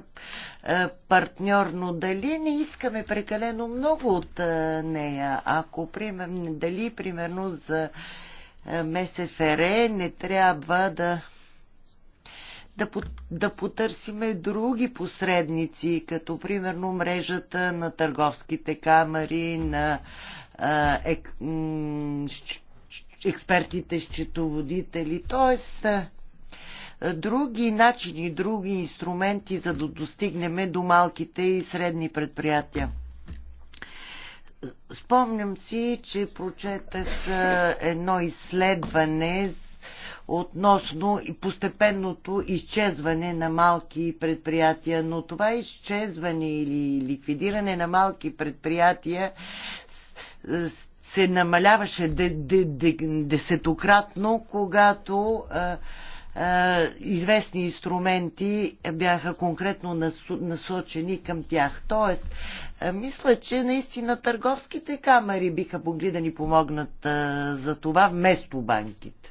S5: е, партньор, но дали не искаме прекалено много от е, нея? Ако, примерно, дали, примерно, за е, МСФР не трябва да да, да потърсиме други посредници, като примерно мрежата на търговските камери, на е, е, експертите, счетоводители, т.е. други начини, други инструменти, за да достигнем до малките и средни предприятия. Спомням си, че прочетах едно изследване относно и постепенното изчезване на малки предприятия, но това изчезване или ликвидиране на малки предприятия се намаляваше десетократно, когато известни инструменти бяха конкретно насочени към тях. Тоест, мисля, че наистина търговските камери биха могли да ни помогнат за това, вместо банките.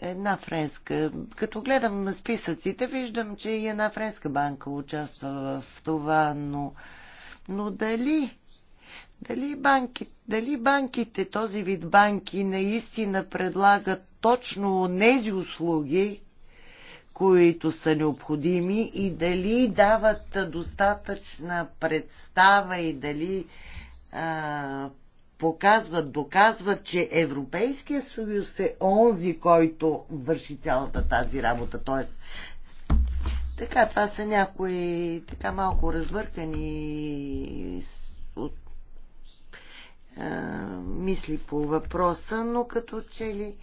S5: Една френска. Като гледам списъците, виждам, че и една френска банка участва в това, но, но дали дали, банки, дали банките, този вид банки, наистина предлагат точно тези услуги, които са необходими и дали дават достатъчна представа и дали а, показват, доказват, че Европейския съюз е онзи, който върши цялата тази работа. Тоест, така, това са някои така малко развъркани от мисли по въпроса, но като че ли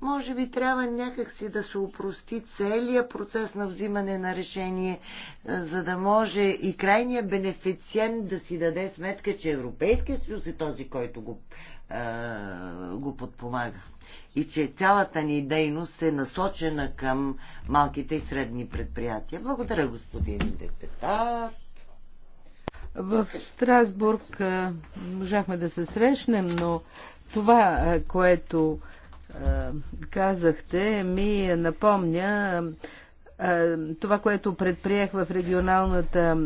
S5: може би трябва някакси да се упрости целият процес на взимане на решение, за да може и крайният бенефициент да си даде сметка, че Европейския съюз е този, който го, а, го подпомага. И че цялата ни дейност е насочена към малките и средни предприятия. Благодаря, господин депутат. В
S4: Страсбург можахме да се срещнем, но това, което казахте, ми напомня това, което предприех в регионалната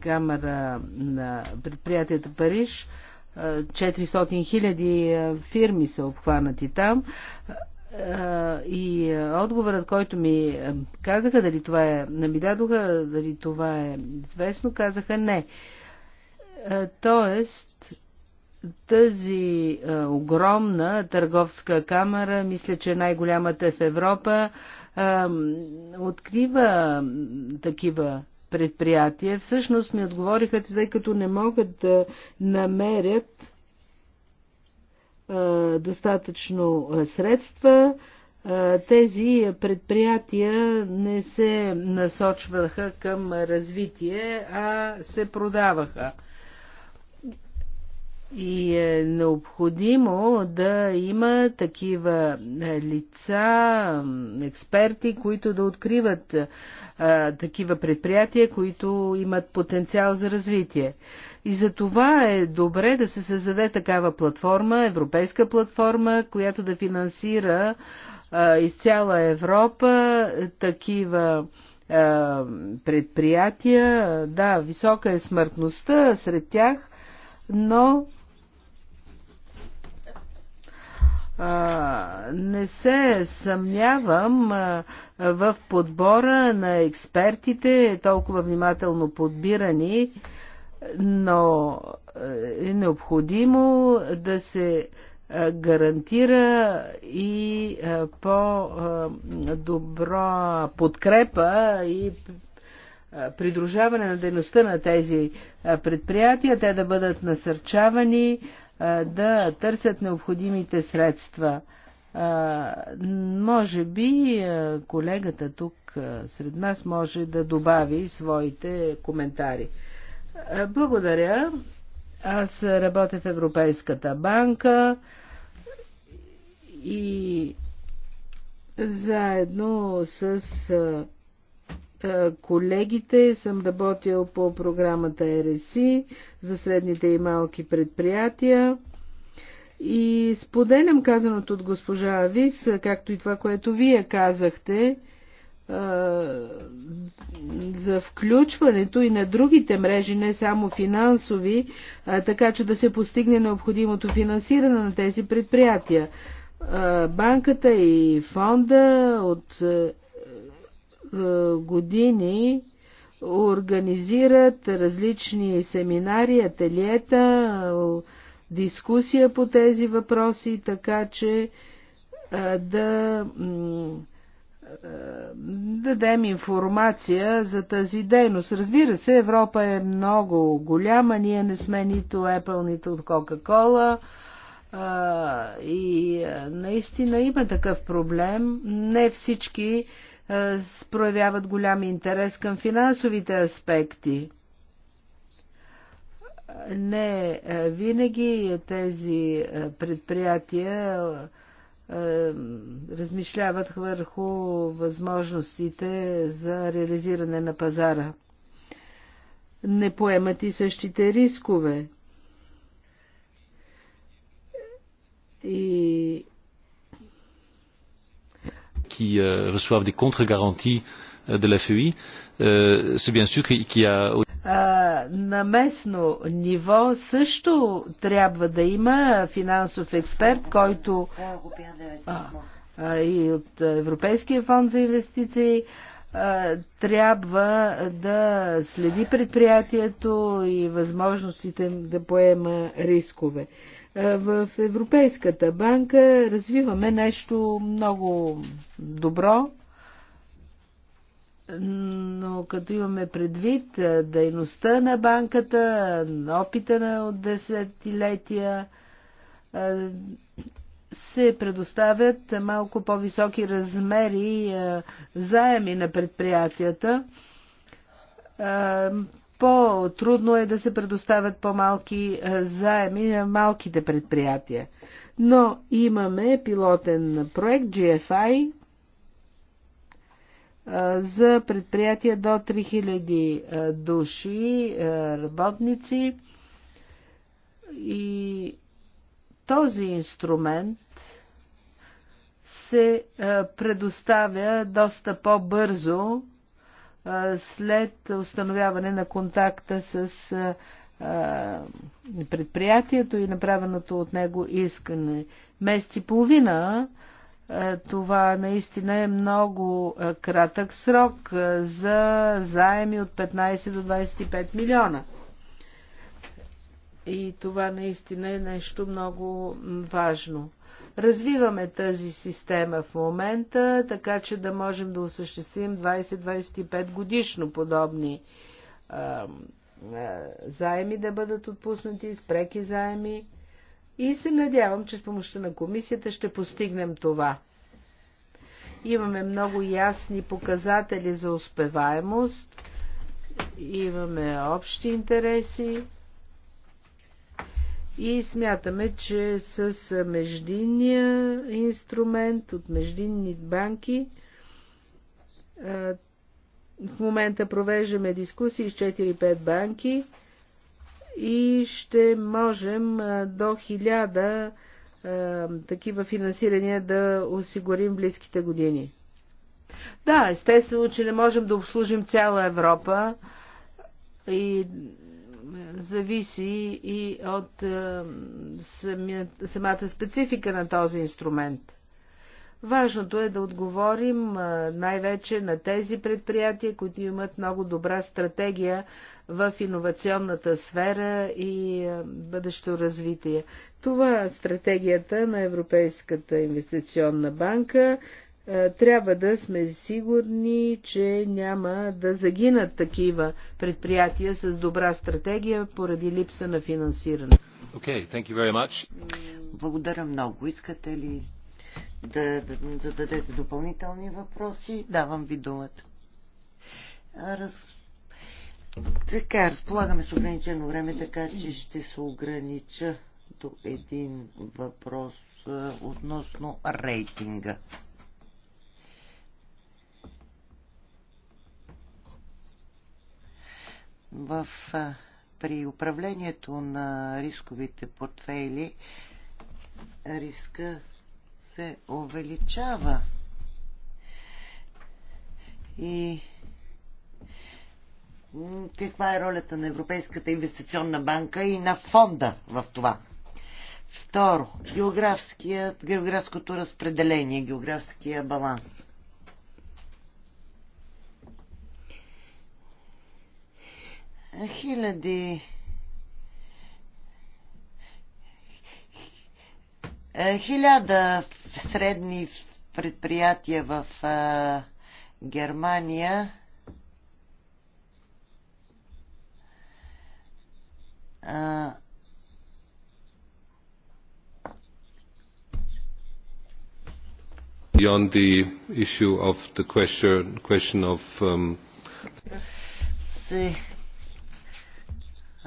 S4: камера на предприятията Париж. 400 хиляди фирми са обхванати там. И отговорът, който ми казаха, дали това е, не ми дадоха, дали това е известно, казаха не. Е, тоест, тази а, е, огромна търговска камера, мисля, че е най-голямата в Европа, а, открива такива предприятия. Всъщност ми отговориха, тъй като не могат да намерят а, достатъчно средства, а, тези предприятия не се насочваха към развитие, а се продаваха. И е необходимо да има такива е, лица, експерти, които да откриват а, е, такива предприятия, които имат потенциал за развитие. И за това е добре да се създаде такава платформа, европейска платформа, която да финансира а, е, из цяла Европа такива а, предприятия. Да, висока е смъртността сред тях, но не се съмнявам в подбора на експертите, толкова внимателно подбирани, но е, е необходимо да се е, гарантира и е, по-добра подкрепа и придружаване на дейността на тези предприятия, те да бъдат насърчавани, да търсят необходимите средства. Може би колегата тук сред нас може да добави своите коментари. Благодаря. Аз работя в Европейската банка и заедно с е, колегите, съм работил по програмата РСИ за средните и малки предприятия. И споделям казаното от госпожа Авис, както и това, което вие казахте, е, за включването и на другите мрежи, не само финансови, е, така че да се постигне необходимото финансиране на тези предприятия. Банката и фонда от е, години организират различни семинари, ателиета, е, дискусия по тези въпроси, така че е, да дадем информация за тази дейност. Разбира се, Европа е много голяма, ние не сме нито Apple, нито от Кока-Кола. И наистина има такъв проблем. Не всички е, проявяват голям интерес към финансовите аспекти. Не е, винаги тези е, предприятия размишляват върху възможностите за реализиране на пазара. Не поемат и същите рискове. И
S3: qui euh, reçoivent des contre-garanties euh, de la FEI, euh, c'est bien sûr qu'il y a.
S4: На местно ниво също трябва да има финансов експерт, който и от Европейския фонд за инвестиции трябва да следи предприятието и възможностите да поема рискове. В Европейската банка развиваме нещо много добро, но като имаме предвид дейността на банката, опита на от десетилетия, се предоставят малко по-високи размери заеми на предприятията по-трудно е да се предоставят по-малки е, заеми на малките предприятия. Но имаме пилотен проект GFI е, за предприятия до 3000 е, души работници и този инструмент се предоставя доста по-бързо след установяване на контакта с предприятието и направеното от него искане. Месец и половина това наистина е много кратък срок за заеми от 15 до 25 милиона. И това наистина е нещо много важно. Развиваме тази система в момента, така че да можем да осъществим 20-25 годишно подобни а, а, заеми да бъдат отпуснати, спреки заеми. И се надявам, че с помощта на комисията ще постигнем това. Имаме много ясни показатели за успеваемост, имаме общи интереси и смятаме, че с междинния инструмент от междинни банки в момента провеждаме дискусии с 4-5 банки и ще можем до 1000 такива финансирания да осигурим близките години. Да, естествено, че не можем да обслужим цяла Европа и зависи и от е, самата специфика на този инструмент. Важното е да отговорим е, най-вече на тези предприятия, които имат много добра стратегия в иновационната сфера и е, бъдещо развитие. Това е стратегията на Европейската инвестиционна банка е, трябва да сме сигурни, че няма да загинат такива предприятия с добра стратегия поради липса на финансиране.
S5: Okay, thank you very much. Благодаря много. Искате ли да, да зададете допълнителни въпроси? Давам ви думата. Раз... Така, разполагаме с ограничено време, така че ще се огранича до един въпрос е, относно рейтинга. в, при управлението на рисковите портфейли риска се увеличава. И каква е ролята на Европейската инвестиционна банка и на фонда в това? Второ, географското разпределение, географския баланс. хиляди е, хиляда средни предприятия в е, Германия е,
S3: beyond the issue of the question, question of um,
S5: се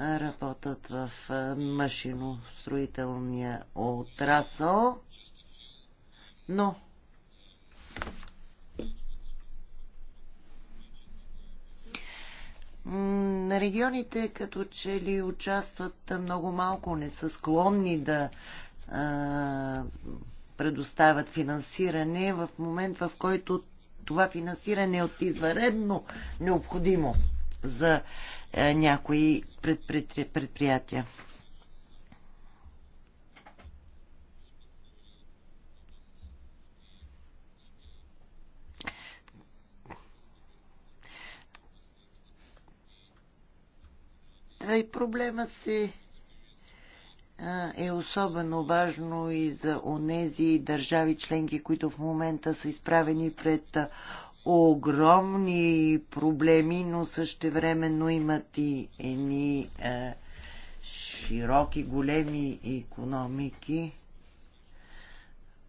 S5: работят в машиностроителния отрасъл, но на регионите като че ли участват много малко, не са склонни да а, предоставят финансиране в момент, в който това финансиране е от извънредно необходимо за е, някои предприятия. Е, и проблема си е, е особено важно и за онези държави членки, които в момента са изправени пред огромни проблеми, но същевременно имат и едни е, широки, големи економики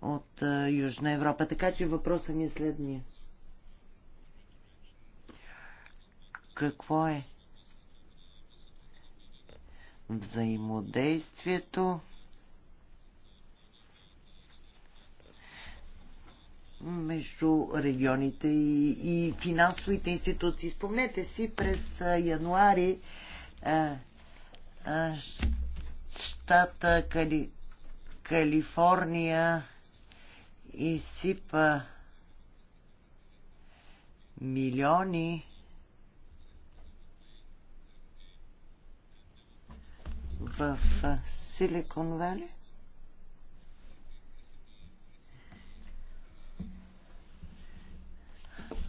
S5: от е, Южна Европа. Така че въпросът ми е следния. Какво е взаимодействието? между регионите и, и финансовите институции. Спомнете си, през януари а, а, щата Кали, Калифорния изсипа милиони в Силикон Вали.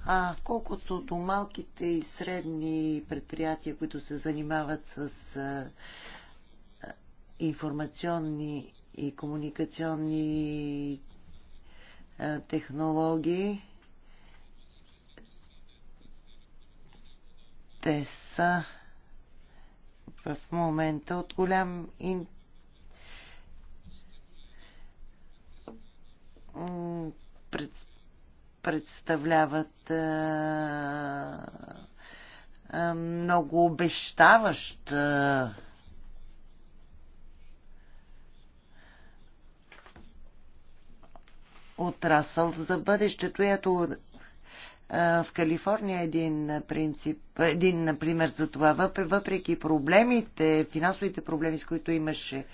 S5: А колкото до малките и средни предприятия, които се занимават с а, информационни и комуникационни а, технологии, те са в момента от голям интерес пред, представляват е, е, много обещаващ е, отрасъл за бъдещето. Ето в Калифорния един принцип, един например за това, въпреки проблемите, финансовите проблеми, с които имаше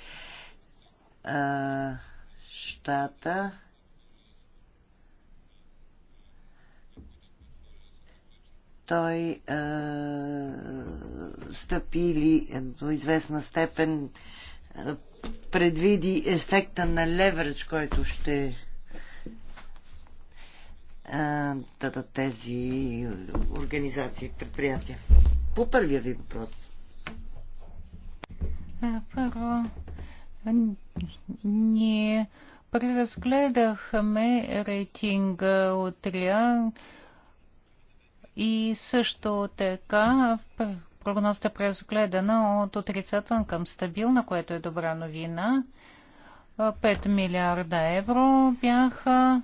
S5: а, щата, той е, стъпи или до известна степен е, предвиди ефекта на левръч, който ще е, дадат тези организации, предприятия. По първия ви въпрос.
S2: Е, първо, ние преразгледахме рейтинга от Реал и също така прогнозата преразгледана от отрицателна към стабилна, което е добра новина. 5 милиарда евро бяха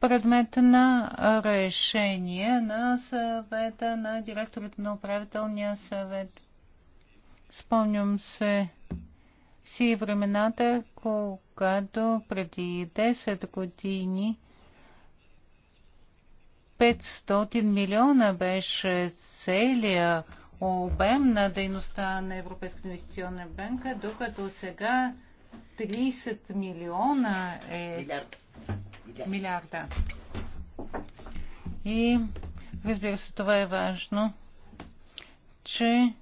S2: предмет на решение на съвета на директорите на управителния съвет. Спомням се си времената, когато преди 10 години 500 милиона беше целия обем на дейността на Европейската инвестиционна банка, докато сега 30 милиона е милиарда. милиарда. И разбира се, това е важно, че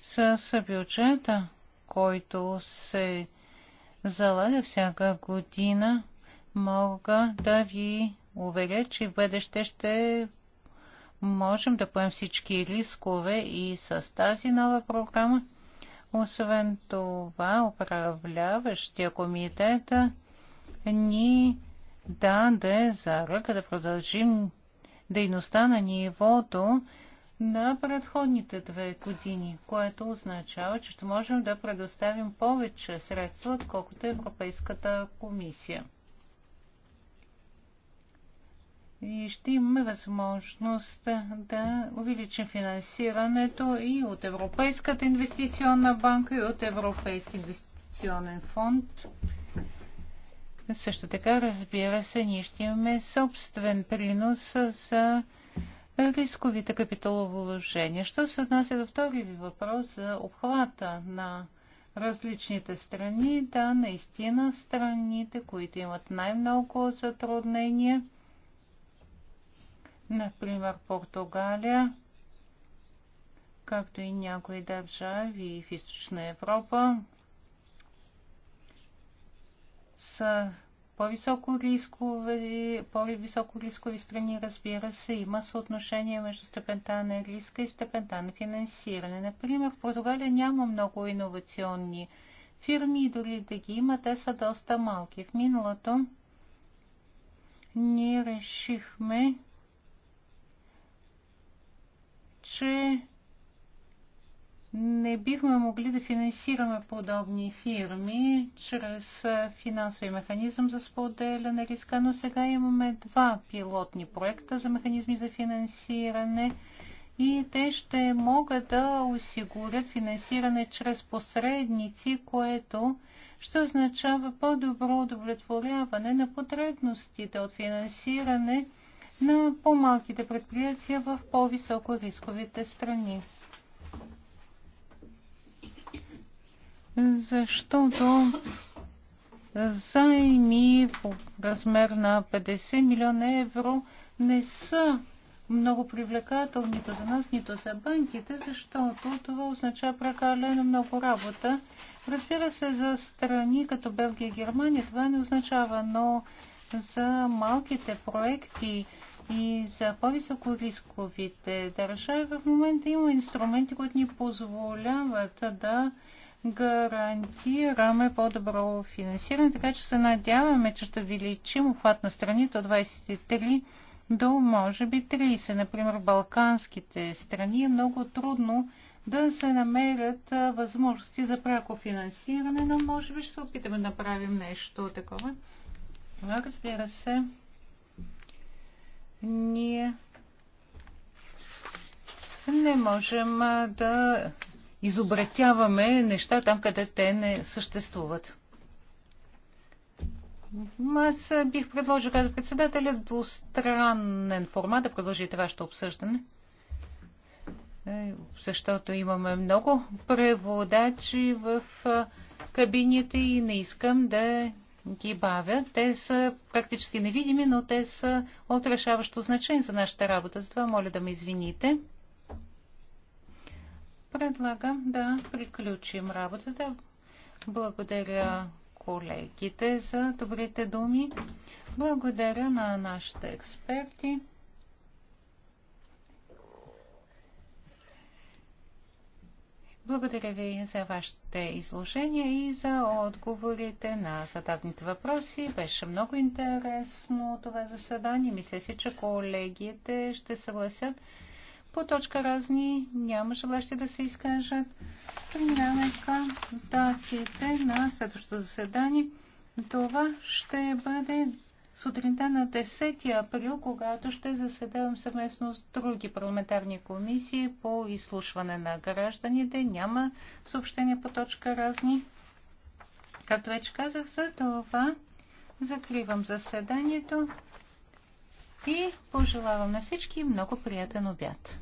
S2: с бюджета, който се залага всяка година, мога да ви уверя, че в бъдеще ще можем да поем всички рискове и с тази нова програма. Освен това, управляващия комитет ни даде за ръка да продължим дейността на нивото на предходните две години, което означава, че ще можем да предоставим повече средства, отколкото Европейската комисия и ще имаме възможност да увеличим финансирането и от Европейската инвестиционна банка, и от Европейски инвестиционен фонд. Също така, разбира се, ние ще имаме собствен принос за рисковите капиталовложения. Що се отнася до втори ви въпрос за обхвата на различните страни, да, наистина страните, които имат най-много затруднения – Например, Португалия, както и някои държави в Източна Европа, са по-високо рискови, по-високо рискови страни, разбира се, има съотношение между степента на риска и степента на финансиране. Например, в Португалия няма много иновационни фирми и дори да ги има, те са доста малки. В миналото ние решихме че не бихме могли да финансираме подобни фирми чрез финансови механизъм за споделяне риска, но сега имаме два пилотни проекта за механизми за финансиране и те ще могат да осигурят финансиране чрез посредници, което ще означава по-добро удовлетворяване на потребностите от финансиране – на по-малките предприятия в по-високо рисковите страни. Защото заеми в размер на 50 милиона евро не са много привлекателни нито за нас, нито за банките, защото това означава прекалено много работа. Разбира се, за страни като Белгия и Германия това не означава, но за малките проекти и за по-високо рисковите държави в момента има инструменти, които ни позволяват да гарантираме по-добро финансиране, така че се надяваме, че ще увеличим обхват на страните от 23 до може би 30. Например, в балканските страни е много трудно да се намерят възможности за пряко финансиране, но може би ще се опитаме да направим нещо такова. Разбира се, ние не можем да изобретяваме неща там, къде те не съществуват. Аз бих предложил, каза председателя, двустранен формат да продължите вашето обсъждане. Е, защото имаме много преводачи в кабините и не искам да ги бавят. Те са практически невидими, но те са от решаващо значение за нашата работа. Затова моля да ме извините. Предлагам да приключим работата. Благодаря колегите за добрите думи. Благодаря на нашите експерти. Благодаря ви за вашите изложения и за отговорите на зададните въпроси. Беше много интересно това заседание. Мисля си, че колегите ще съгласят. По точка разни няма желащи да се изкажат. Преминаваме към датите на следващото заседание. Това ще бъде сутринта на 10 април, когато ще заседавам съвместно с други парламентарни комисии по изслушване на гражданите. Няма съобщения по точка разни. Както вече казах, за това закривам заседанието и пожелавам на всички много приятен обяд.